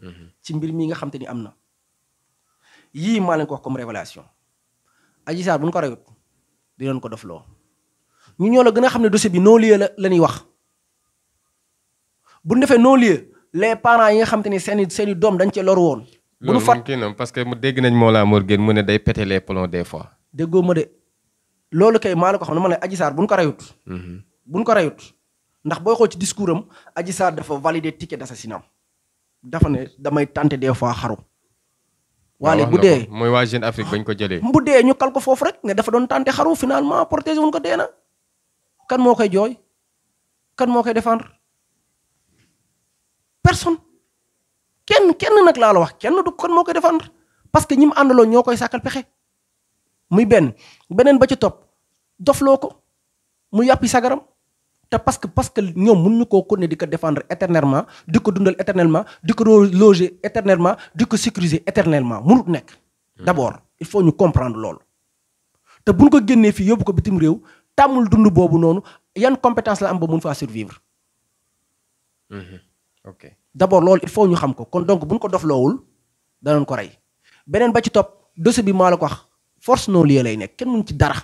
Mhm. ci mbir mii nga xam te ni am na. yii maa leen ko wax comme bu ñu ko reyut di leen ko def loo ñu ñoo la gën a xam ne dossier bi noo lieu la la ñuy wax bu ñu defee non lieu les parents yi nga xam te ni seen i seen doom dañ cee loru woon. bu ñu fat parce que mu dégg nañ moo Mollah Morgun mu ne day pété les plombs des fois. déggoo ma de loolu kay maa la ko xam ne ma ne Adji Sarr bu ñu ko reyut. Mm-hmm. bu ñu ko reyut ndax booy xool ci discours am Adji Sarr dafa valider ticket d'assassinat dafa ne damay tenter des fois xaru. waale bu dee mooy waa Jeune Afrique bañ ko jëlee. bu dee ñu kal ko foofu rek ne dafa doon tànte xaru finalement protéger wuñ ko dee kan moo koy jooy kan moo koy défendre personne kenn kenn nag laa wax kenn du kan moo koy défendre parce que ñi mu àndaloo ñoo koy sàkkal pexe muy benn beneen ba ci topp dofloo ko mu yàppi sagaram te parce que parce que ñoom mun ñu koo continuer di ko défendre éternellement di ko dundal éternellement di ko loger éternellement di ko sécuriser éternellement munut nekk. Hmm. d'abord il faut ñu comprendre loolu. te buñ ko génnee fii yóbbu ko bitim réew tàmmul dund boobu noonu yan compétence la am ba mun faa survivre. Hmm. ok d'abord loolu il faut ñu xam ko kon donc buñ ko dofloowul danañ ko rey beneen ba ci topp dossier bi maa la ko wax. force non lieu lay nekk kenn mun ci dara.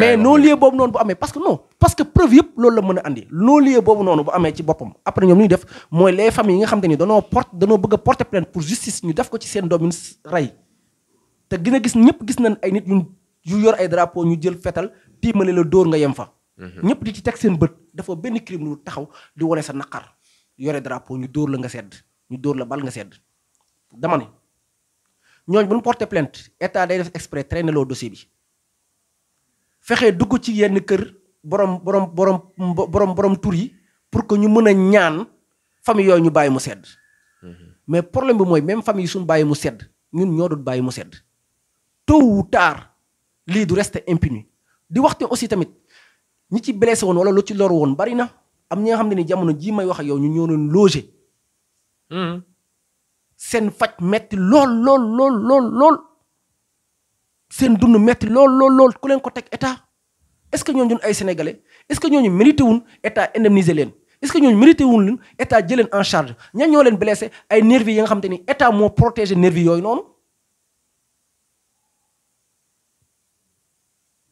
mais non lieu boobu noonu bu amee parce que non parce que preuve yëpp loolu la mën a andi non lieu boobu noonu bu amee ci boppam après ñoom li ñu def mooy les familles yi nga xam te ni danoo porte danoo bëgg a porter plainte pour ñu def ko ci seen doom rey te gën gis ñëpp gis na ay nit ñu yu yor ay drapeau ñu jël fetal tiimale la dóor nga yem fa. Mhm. ñëpp di ci teg seen bët dafa benn crime lu taxaw di wane sa naqar yore drapeau ñu dóor la nga sedd ñu dóor la bal nga sedd ñooñ bu ñu porté plainte état day def exprès traîner loo dossier bi fexe dugg ci yenn kër borom borom borom borom borom tur yi pour que ñu mën a ñaan famille yooyu ñu bàyyi mu sedd. mais problème bi mooy même famille yi suñu bàyyi mu sedd ñun ñoo doon bàyyi mu sedd tôt ou tard lii du rest impuni di waxte aussi tamit ñi ci blessé woon wala lu ci lor woon bari na am ñi nga xam ne ni jamono jii may wax ak yow ñu ñoo doon logé. Hmm. seen faj metti lool lool lool lool lool seen dund metti lool lool lool ku leen ko teg état est-ce que ñooñu ay sénégalais est-ce que ñooñu mérité wuñ état indemniser leen est que ñooñu mérité wuñ leen état jëleen en charge ñan leen blessé ay nervi yi nga xam te ni état moo protégé nervi yooyu noonu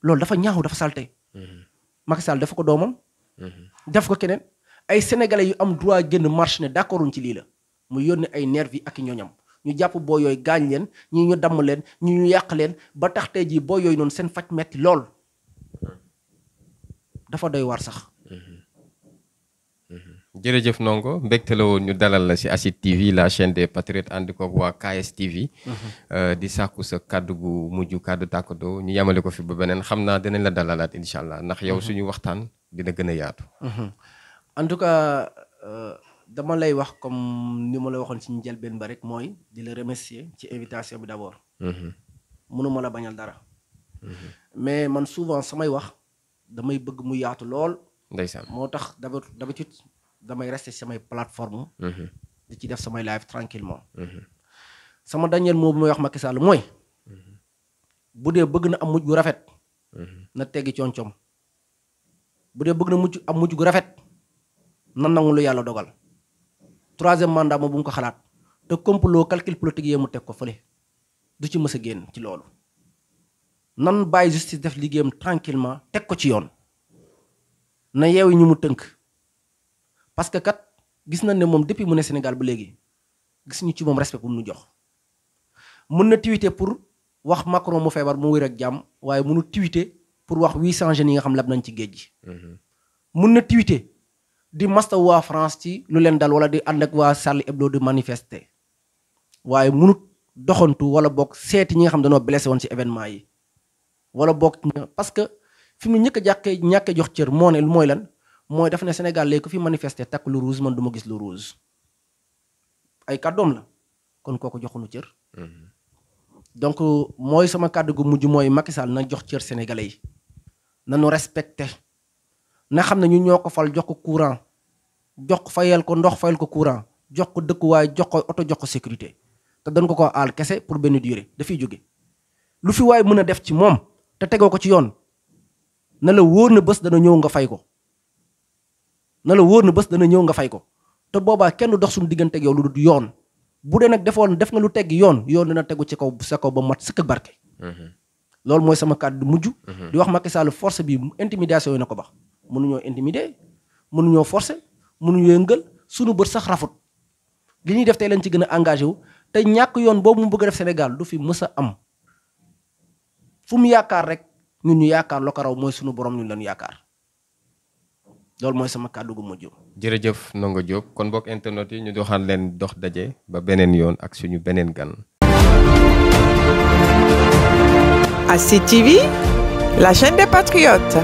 loolu dafa ñaaw dafa salte mm-hmm. Macky Sall dafa ko doomam mm-hmm. def ko keneen ay sénégalais yu am droit génn marche ne d'accorduñ ci lii la mu yónni ay nervi yi ak ñoñam ñu jàpp boo yooy gaañ leen ñi ñu damm leen ñi ñu yàq leen ba tax tey jii boo yooyu noonu seen faj metti lool dafa doy war sax. Mhm. jërëjëf Ndongo mbégte la woon ñu dalal la ci ASID TV la chaîne des patriotes ànd koog waa KS TV. Mhm. Euh, di sàkku sa kàddu gu mujj kàddu tàkkatoo ñu yemale ko fi ba beneen xam naa danañ la dalalaat incha allah ndax yow mhm. suñu waxtaan dina gën a yaatu. en dama lay wax comme ni ma la waxoon ci njëlbeen ba rek mooy di la remercier ci invitation bi d'abord. Mhm. mënuma la bañal dara. Mhm. mais man souvent samay wax damay bëgg mu yaatu lool. ndeysaan moo tax d'habitude damay rester ci samay plateforme mhm. di ci def samay live tranquillement sama dernier mot bu may wax Macky Sall mooy. bu dee bëgg na am mujj gu rafet. na teggi concom bu dee bëgg na mujj am mujj gu rafet. na nangu lu yàlla dogal. troisième mandat moom bu mu ko xalaat te complot calcul politique yee mu teg ko fële du ci mës a génn ci loolu nan bàyyi justice def liggéeyam tranquillement teg ko ci yoon na yeewi ñu mu tënk parce que kat gis nañ ne moom depuis mun ne Sénégal ba léegi gis ñu ci moom respect bu mu jox mën na tiwite pour wax Macron mu feebar mu wér ak jàmm waaye mënu tiwite pour wax 800 jeunes yi nga xam lab nañ ci géej gi. Mm-hmm. mën na tiwite di masta waa France ci lu leen daal wala di ànd ak waa Charlie Hebdo di manifester waaye munut doxantu wala boog seeti ñi nga xam dañoo blessé woon ci événement yi wala boog parce que fi mu ñëkk a jàkkee ñàkkee jox cër moo ne mooy lan mooy daf ne Sénégal léegi ku fi manifester takk lu rouge man du ma gis lu rouge ay kàddoom la kon kooku joxunu cër mhm. donc euh, mooy sama kàddu gu mujj mooy Macky Sall na jox cër sénégalais yi nanu respecté na xam ne ñu ñoo ko fal jox ko courant jox ko fayal ko ndox fayal ko courant jox ko dëkkuwaay jox oto jox ko sécurité te dañ ko ko aal kese pour benn durée dafiy jóge lu fi waay mën a def ci moom te tegoo ko ci yoon na la wóor na bés dana ñëw nga fay ko na la wóor na bés dana ñëw nga fay ko te boobaa kenn du dox suñu diggante ak lu dul yoon bu dee nag defoon def na lu tegg yoon yoon dina tegu ci kaw sa kaw ba mat sëkk barke. Mm-hmm. loolu mooy sama kàdd mujj. Mm-hmm. di wax Macky Sall force bi intimidation yi na ko ba mënuñoo intimider mënuñoo forcer mënuñoo yëngal suñu bët sax rafut li ñuy def tey lañ ci gën a engagé wu te ñàkk yoon boobu mu bëgg a def Sénégal du fi mës a am fu mu yaakaar rek ñun ñu yaakaar loo raw mooy suñu borom ñun lañu yaakaar loolu mooy sama kàddu gu mujj. jërëjëf Ndongo Diop kon bokk internet yi ñu doxal leen dox daje ba beneen yoon ak suñu beneen gan. ASID TV, la chaîne des patriotes.